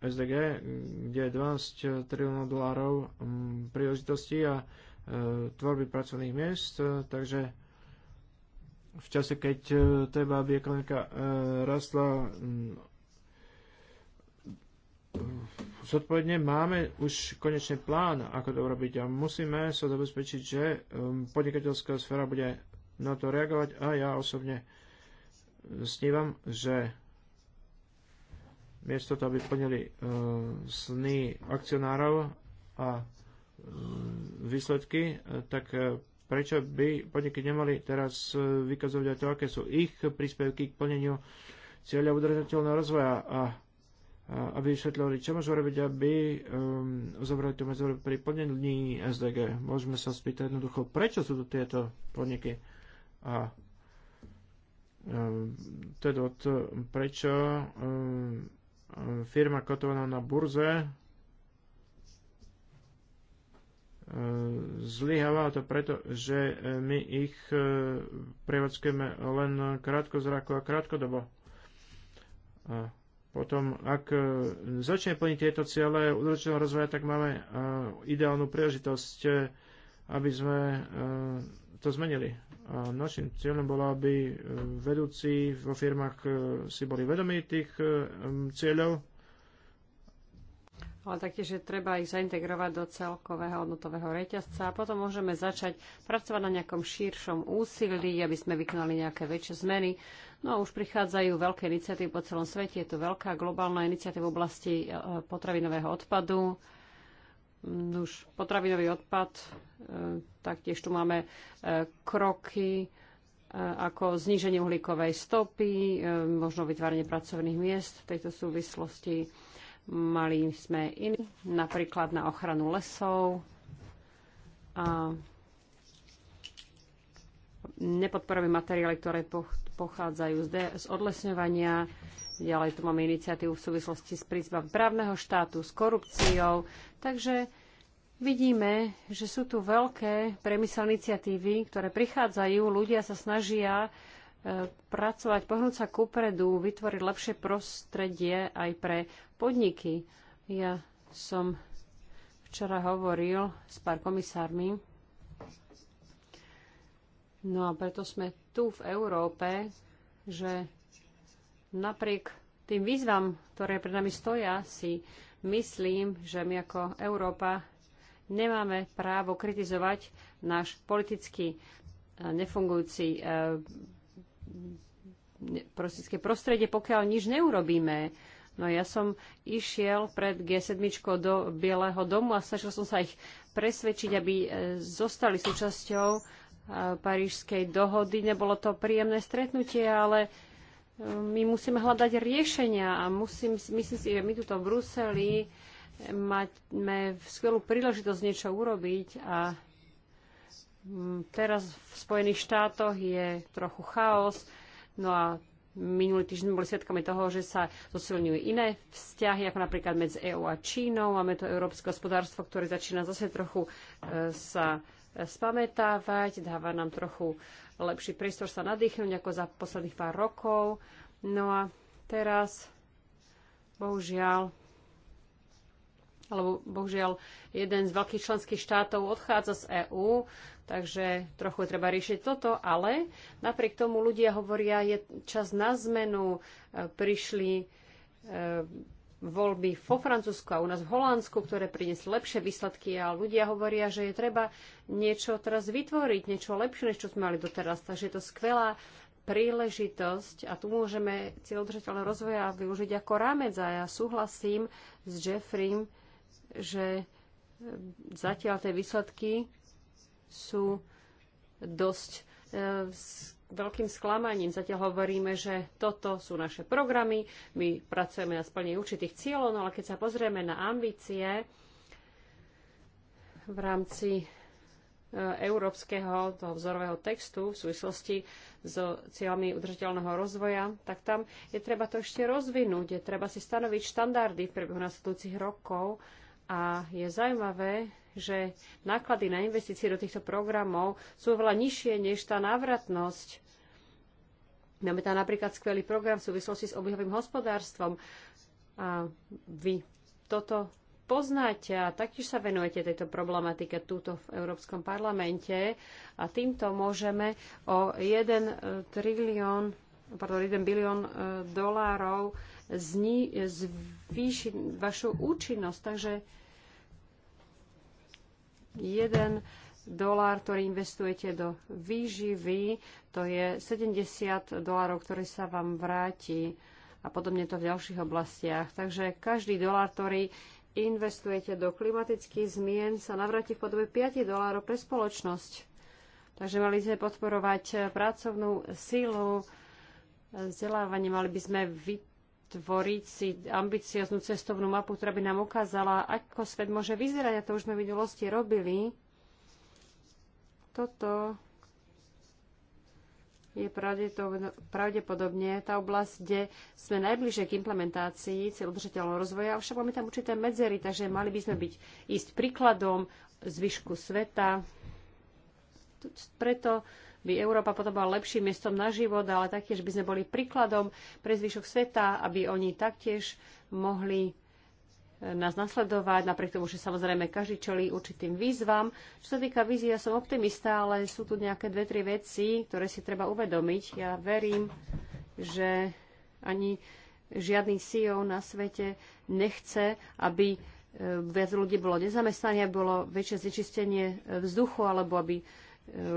e, SDG, kde je 12 triliónov dolárov príležitostí a e, tvorby pracovných miest, takže v čase, keď e, teba aby ekonomika e, rastla e, zodpovedne máme už konečný plán, ako to urobiť a musíme sa zabezpečiť, že podnikateľská sféra bude na to reagovať a ja osobne snívam, že miesto to, aby plnili e, sny akcionárov a e, výsledky, tak prečo by podniky nemali teraz e, vykazovať aj to, aké sú ich príspevky k plneniu cieľa udržateľného rozvoja a, a aby vysvetlili, čo môžu robiť, aby um, uzavreli tú medzeru pri plnení SDG. Môžeme sa spýtať jednoducho, prečo sú tu tieto podniky a um, teda prečo um, firma kotovaná na burze zlyháva, to preto, že e, my ich e, prevádzkujeme len krátko zrako a krátkodobo. A potom, ak e, začne plniť tieto ciele udržateľného rozvoja, tak máme ideálnu príležitosť, aby sme to zmenili. A našim cieľom bolo, aby vedúci vo firmách si boli vedomí tých cieľov, ale taktiež je treba ich zaintegrovať do celkového hodnotového reťazca a potom môžeme začať pracovať na nejakom širšom úsilí, aby sme vykonali nejaké väčšie zmeny. No a už prichádzajú veľké iniciatívy po celom svete. Je tu veľká globálna iniciatíva v oblasti e, potravinového odpadu. Mm, už potravinový odpad, e, taktiež tu máme e, kroky, ako zníženie uhlíkovej stopy, možno vytváranie pracovných miest v tejto súvislosti Mali sme iný, napríklad na ochranu lesov. A nepodporové materiály, ktoré pochádzajú z, odlesňovania. Ďalej tu máme iniciatívu v súvislosti s prízbami právneho štátu, s korupciou. Takže vidíme, že sú tu veľké priemyselné iniciatívy, ktoré prichádzajú, ľudia sa snažia e, pracovať, pohnúť sa kupredu, vytvoriť lepšie prostredie aj pre podniky. Ja som včera hovoril s pár komisármi. No a preto sme tu v Európe, že napriek tým výzvam, ktoré pred nami stoja, si myslím, že my ako Európa nemáme právo kritizovať náš politicky e, nefungujúci e, prostredie, pokiaľ nič neurobíme. No ja som išiel pred G7 do Bieleho domu a snažil som sa ich presvedčiť, aby e, zostali súčasťou e, Parížskej dohody. Nebolo to príjemné stretnutie, ale e, my musíme hľadať riešenia a musím, myslím si, že my tuto v Bruseli máme skvelú príležitosť niečo urobiť a mm, teraz v Spojených štátoch je trochu chaos, no a Minulý týždeň boli svedkami toho, že sa zosilňujú iné vzťahy, ako napríklad medzi EÚ a Čínou. Máme to európske hospodárstvo, ktoré začína zase trochu e, sa e, spamätávať, dáva nám trochu lepší priestor sa nadýchnuť ako za posledných pár rokov. No a teraz, bohužiaľ, alebo bohužiaľ jeden z veľkých členských štátov odchádza z EÚ Takže trochu treba riešiť toto, ale napriek tomu ľudia hovoria, je čas na zmenu, e, prišli e, voľby vo Francúzsku a u nás v Holandsku, ktoré priniesli lepšie výsledky a ľudia hovoria, že je treba niečo teraz vytvoriť, niečo lepšie, než čo sme mali doteraz. Takže je to skvelá príležitosť a tu môžeme cieľ rozvoja využiť ako rámec a ja súhlasím s Jeffrym, že e, zatiaľ tie výsledky sú dosť e, s veľkým sklamaním. Zatiaľ hovoríme, že toto sú naše programy, my pracujeme na splnení určitých cieľov, no ale keď sa pozrieme na ambície v rámci e, európskeho toho vzorového textu v súvislosti so cieľami udržateľného rozvoja, tak tam je treba to ešte rozvinúť, je treba si stanoviť štandardy v priebehu nasledujúcich rokov a je zaujímavé, že náklady na investície do týchto programov sú oveľa nižšie než tá návratnosť. Máme tam napríklad skvelý program v súvislosti s obyhovým hospodárstvom. A vy toto poznáte a taktiež sa venujete tejto problematike túto v Európskom parlamente a týmto môžeme o 1 e, trilión pardon, 1 bilión e, dolárov zvýšiť vašu účinnosť. Takže jeden dolár, ktorý investujete do výživy, to je 70 dolárov, ktorý sa vám vráti a podobne to v ďalších oblastiach. Takže každý dolár, ktorý investujete do klimatických zmien, sa navráti v podobe 5 dolárov pre spoločnosť. Takže mali sme podporovať pracovnú silu vzdelávanie, mali by sme vytvoriť tvoriť si ambicioznú cestovnú mapu, ktorá by nám ukázala, ako svet môže vyzerať, a to už sme v minulosti robili. Toto je pravdepodobne tá oblasť, kde sme najbližšie k implementácii celodržateľného rozvoja, avšak máme tam určité medzery, takže mali by sme byť ísť príkladom zvyšku sveta. Preto by Európa potom bola lepším miestom na život, ale taktiež by sme boli príkladom pre zvyšok sveta, aby oni taktiež mohli e, nás nasledovať, napriek tomu, že samozrejme každý čelí určitým výzvam. Čo sa týka vízie, ja som optimista, ale sú tu nejaké dve, tri veci, ktoré si treba uvedomiť. Ja verím, že ani žiadny CEO na svete nechce, aby e, viac ľudí bolo nezamestnaných, aby bolo väčšie znečistenie e, vzduchu, alebo aby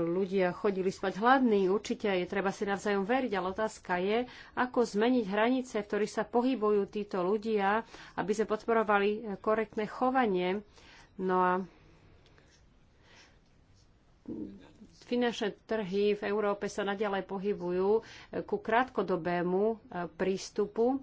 ľudia chodili spať hladní, určite je treba si navzájom veriť, ale otázka je, ako zmeniť hranice, v ktorých sa pohybujú títo ľudia, aby sme podporovali eh, korektné chovanie. No a finančné trhy v Európe sa nadalej pohybujú eh, ku krátkodobému eh, prístupu.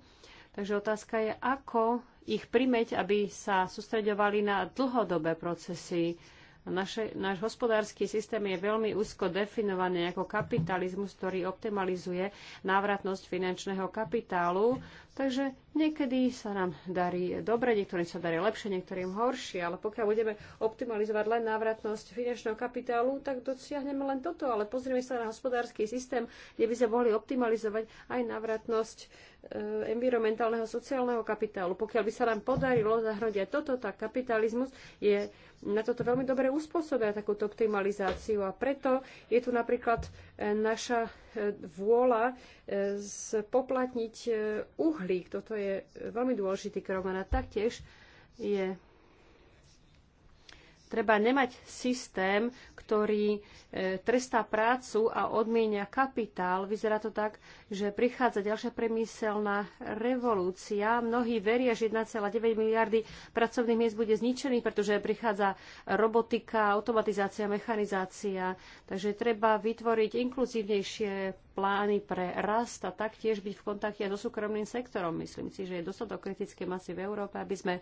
Takže otázka je, ako ich primeť, aby sa sústreďovali na dlhodobé procesy, naše, náš hospodársky systém je veľmi úzko definovaný ako kapitalizmus, ktorý optimalizuje návratnosť finančného kapitálu. Takže niekedy sa nám darí dobre, niektorým sa darí lepšie, niektorým horšie, ale pokiaľ budeme optimalizovať len návratnosť finančného kapitálu, tak dosiahneme len toto, ale pozrieme sa na hospodársky systém, kde by sme mohli optimalizovať aj návratnosť e, environmentálneho sociálneho kapitálu. Pokiaľ by sa nám podarilo zahrnúť aj toto, tak kapitalizmus je na toto veľmi dobre uspôsobia takúto optimalizáciu a preto je tu napríklad e, naša vôľa e, poplatniť e, uhlík. Toto je veľmi dôležitý krok a taktiež je Treba nemať systém, ktorý e, trestá prácu a odmienia kapitál. Vyzerá to tak, že prichádza ďalšia premyselná revolúcia. Mnohí veria, že 1,9 miliardy pracovných miest bude zničených, pretože prichádza robotika, automatizácia, mechanizácia. Takže treba vytvoriť inkluzívnejšie plány pre rast a taktiež byť v kontakte so súkromným sektorom. Myslím si, že je dostatok kritické masy v Európe, aby sme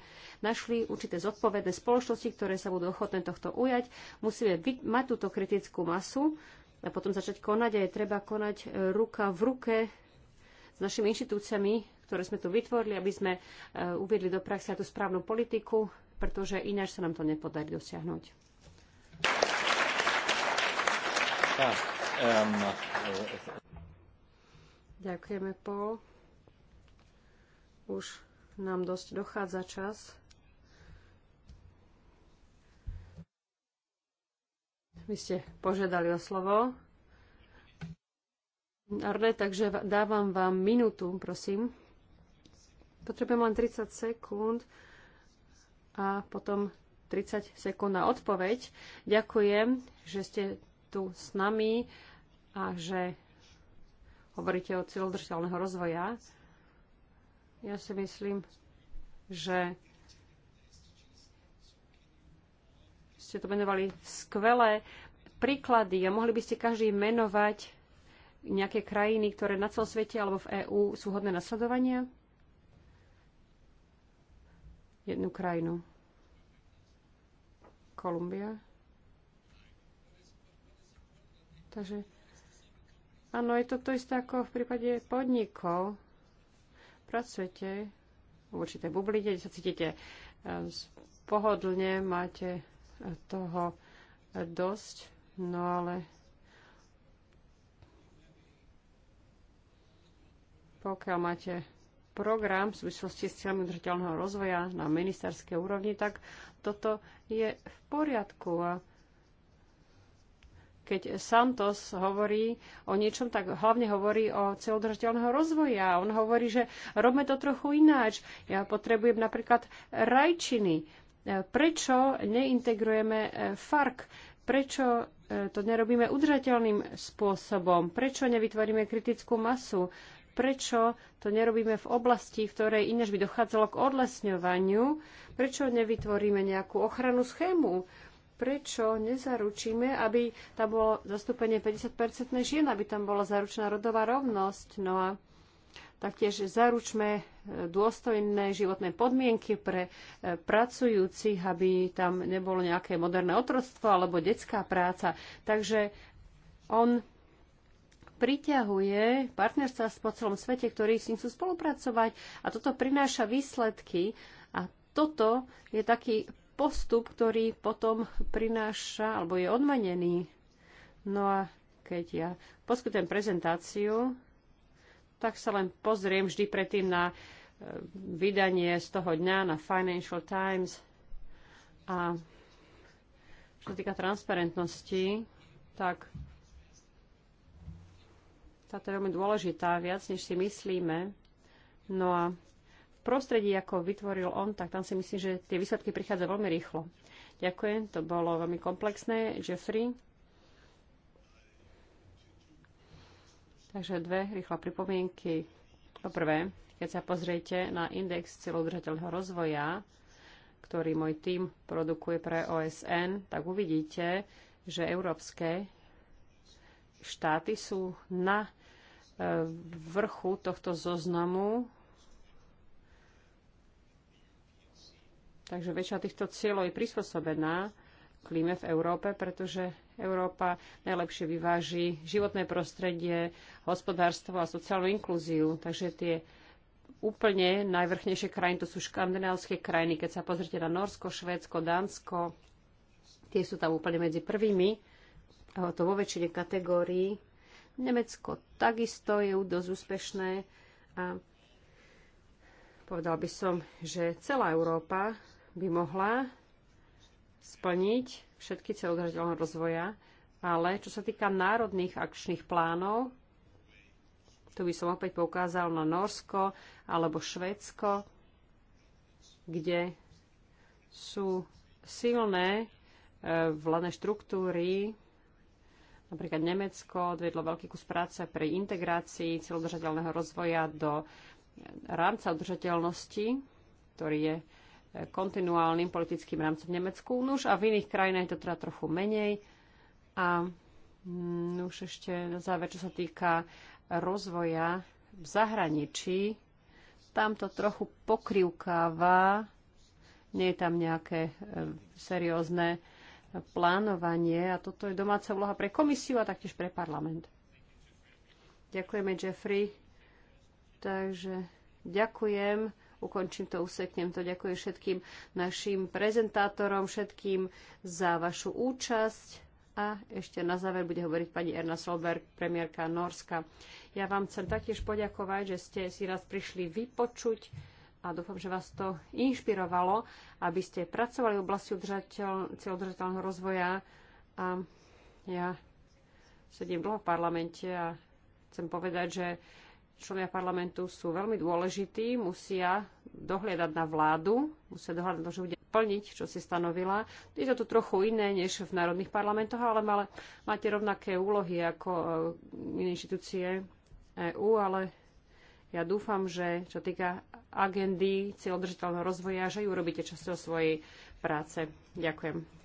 našli určité zodpovedné spoločnosti, ktoré sa budú ochotné tohto ujať. Musíme mať túto kritickú masu a potom začať konať a je treba konať ruka v ruke s našimi inštitúciami, ktoré sme tu vytvorili, aby sme e, uviedli do praxe tú správnu politiku, pretože ináč sa nám to nepodarí dosiahnuť. Um, Ďakujeme, Paul. Už nám dosť dochádza čas. Vy ste požiadali o slovo. Arne, takže dávam vám minútu, prosím. Potrebujem len 30 sekúnd a potom 30 sekúnd na odpoveď. Ďakujem, že ste tu s nami a že hovoríte o cieľodržiteľného rozvoja. Ja si myslím, že ste to menovali skvelé príklady a mohli by ste každý menovať nejaké krajiny, ktoré na celom svete alebo v EÚ sú hodné nasledovania? Jednu krajinu. Kolumbia. Takže Áno, je to to isté ako v prípade podnikov. Pracujete v určitej bubline, sa cítite e, pohodlne, máte e, toho dosť, no ale pokiaľ máte program v súvislosti s cieľmi udržateľného rozvoja na ministerskej úrovni, tak toto je v poriadku. A keď Santos hovorí o niečom, tak hlavne hovorí o celodržateľného rozvoja. On hovorí, že robme to trochu ináč. Ja potrebujem napríklad rajčiny. Prečo neintegrujeme e, FARC? Prečo e, to nerobíme udržateľným spôsobom? Prečo nevytvoríme kritickú masu? Prečo to nerobíme v oblasti, v ktorej inéž by dochádzalo k odlesňovaniu? Prečo nevytvoríme nejakú ochranu schému? prečo nezaručíme, aby tam bolo zastúpenie 50 žien, aby tam bola zaručená rodová rovnosť. No a taktiež zaručme e, dôstojné životné podmienky pre e, pracujúcich, aby tam nebolo nejaké moderné otroctvo alebo detská práca. Takže on priťahuje partnerstva po celom svete, ktorí s ním chcú spolupracovať a toto prináša výsledky a toto je taký postup, ktorý potom prináša alebo je odmenený. No a keď ja poskytujem prezentáciu, tak sa len pozriem vždy predtým na e, vydanie z toho dňa na Financial Times. A čo sa týka transparentnosti, tak táto je veľmi dôležitá, viac než si myslíme. No a prostredí, ako vytvoril on, tak tam si myslím, že tie výsledky prichádzajú veľmi rýchlo. Ďakujem, to bolo veľmi komplexné. Jeffrey? Takže dve rýchle pripomienky. Poprvé, keď sa pozriete na index celodržateľného rozvoja, ktorý môj tým produkuje pre OSN, tak uvidíte, že európske štáty sú na e, vrchu tohto zoznamu Takže väčšina týchto cieľov je prispôsobená klíme v Európe, pretože Európa najlepšie vyváži životné prostredie, hospodárstvo a sociálnu inklúziu. Takže tie úplne najvrchnejšie krajiny, to sú škandinávské krajiny. Keď sa pozrite na Norsko, Švédsko, Dánsko, tie sú tam úplne medzi prvými, to vo väčšine kategórií. Nemecko takisto je dosť úspešné a povedal by som, že celá Európa by mohla splniť všetky cieľe udržateľného rozvoja, ale čo sa týka národných akčných plánov, tu by som opäť poukázal na Norsko alebo Švédsko, kde sú silné e, vládne štruktúry, Napríklad Nemecko odvedlo veľký kus práce pri integrácii celodržateľného rozvoja do rámca udržateľnosti, ktorý je kontinuálnym politickým rámcom v Nemecku. Nuž a v iných krajinách je to teda trochu menej. A mm, už ešte na záver, čo sa týka rozvoja v zahraničí, tam to trochu pokrivkáva, nie je tam nejaké e, seriózne plánovanie a toto je domáca úloha pre komisiu a taktiež pre parlament. Ďakujeme, Jeffrey. Takže ďakujem ukončím to, useknem to. Ďakujem všetkým našim prezentátorom, všetkým za vašu účasť. A ešte na záver bude hovoriť pani Erna Solberg, premiérka Norska. Ja vám chcem taktiež poďakovať, že ste si raz prišli vypočuť a dúfam, že vás to inšpirovalo, aby ste pracovali v oblasti udržateľ, udržateľného rozvoja. A ja sedím dlho v parlamente a chcem povedať, že členovia parlamentu sú veľmi dôležití, musia dohliadať na vládu, musia dohľadať na to, že bude plniť, čo si stanovila. Je to tu trochu iné než v národných parlamentoch, ale máte rovnaké úlohy ako e, iné inštitúcie EÚ, ale ja dúfam, že čo týka agendy cieľodržiteľného rozvoja, že ju robíte časťou svojej práce. Ďakujem.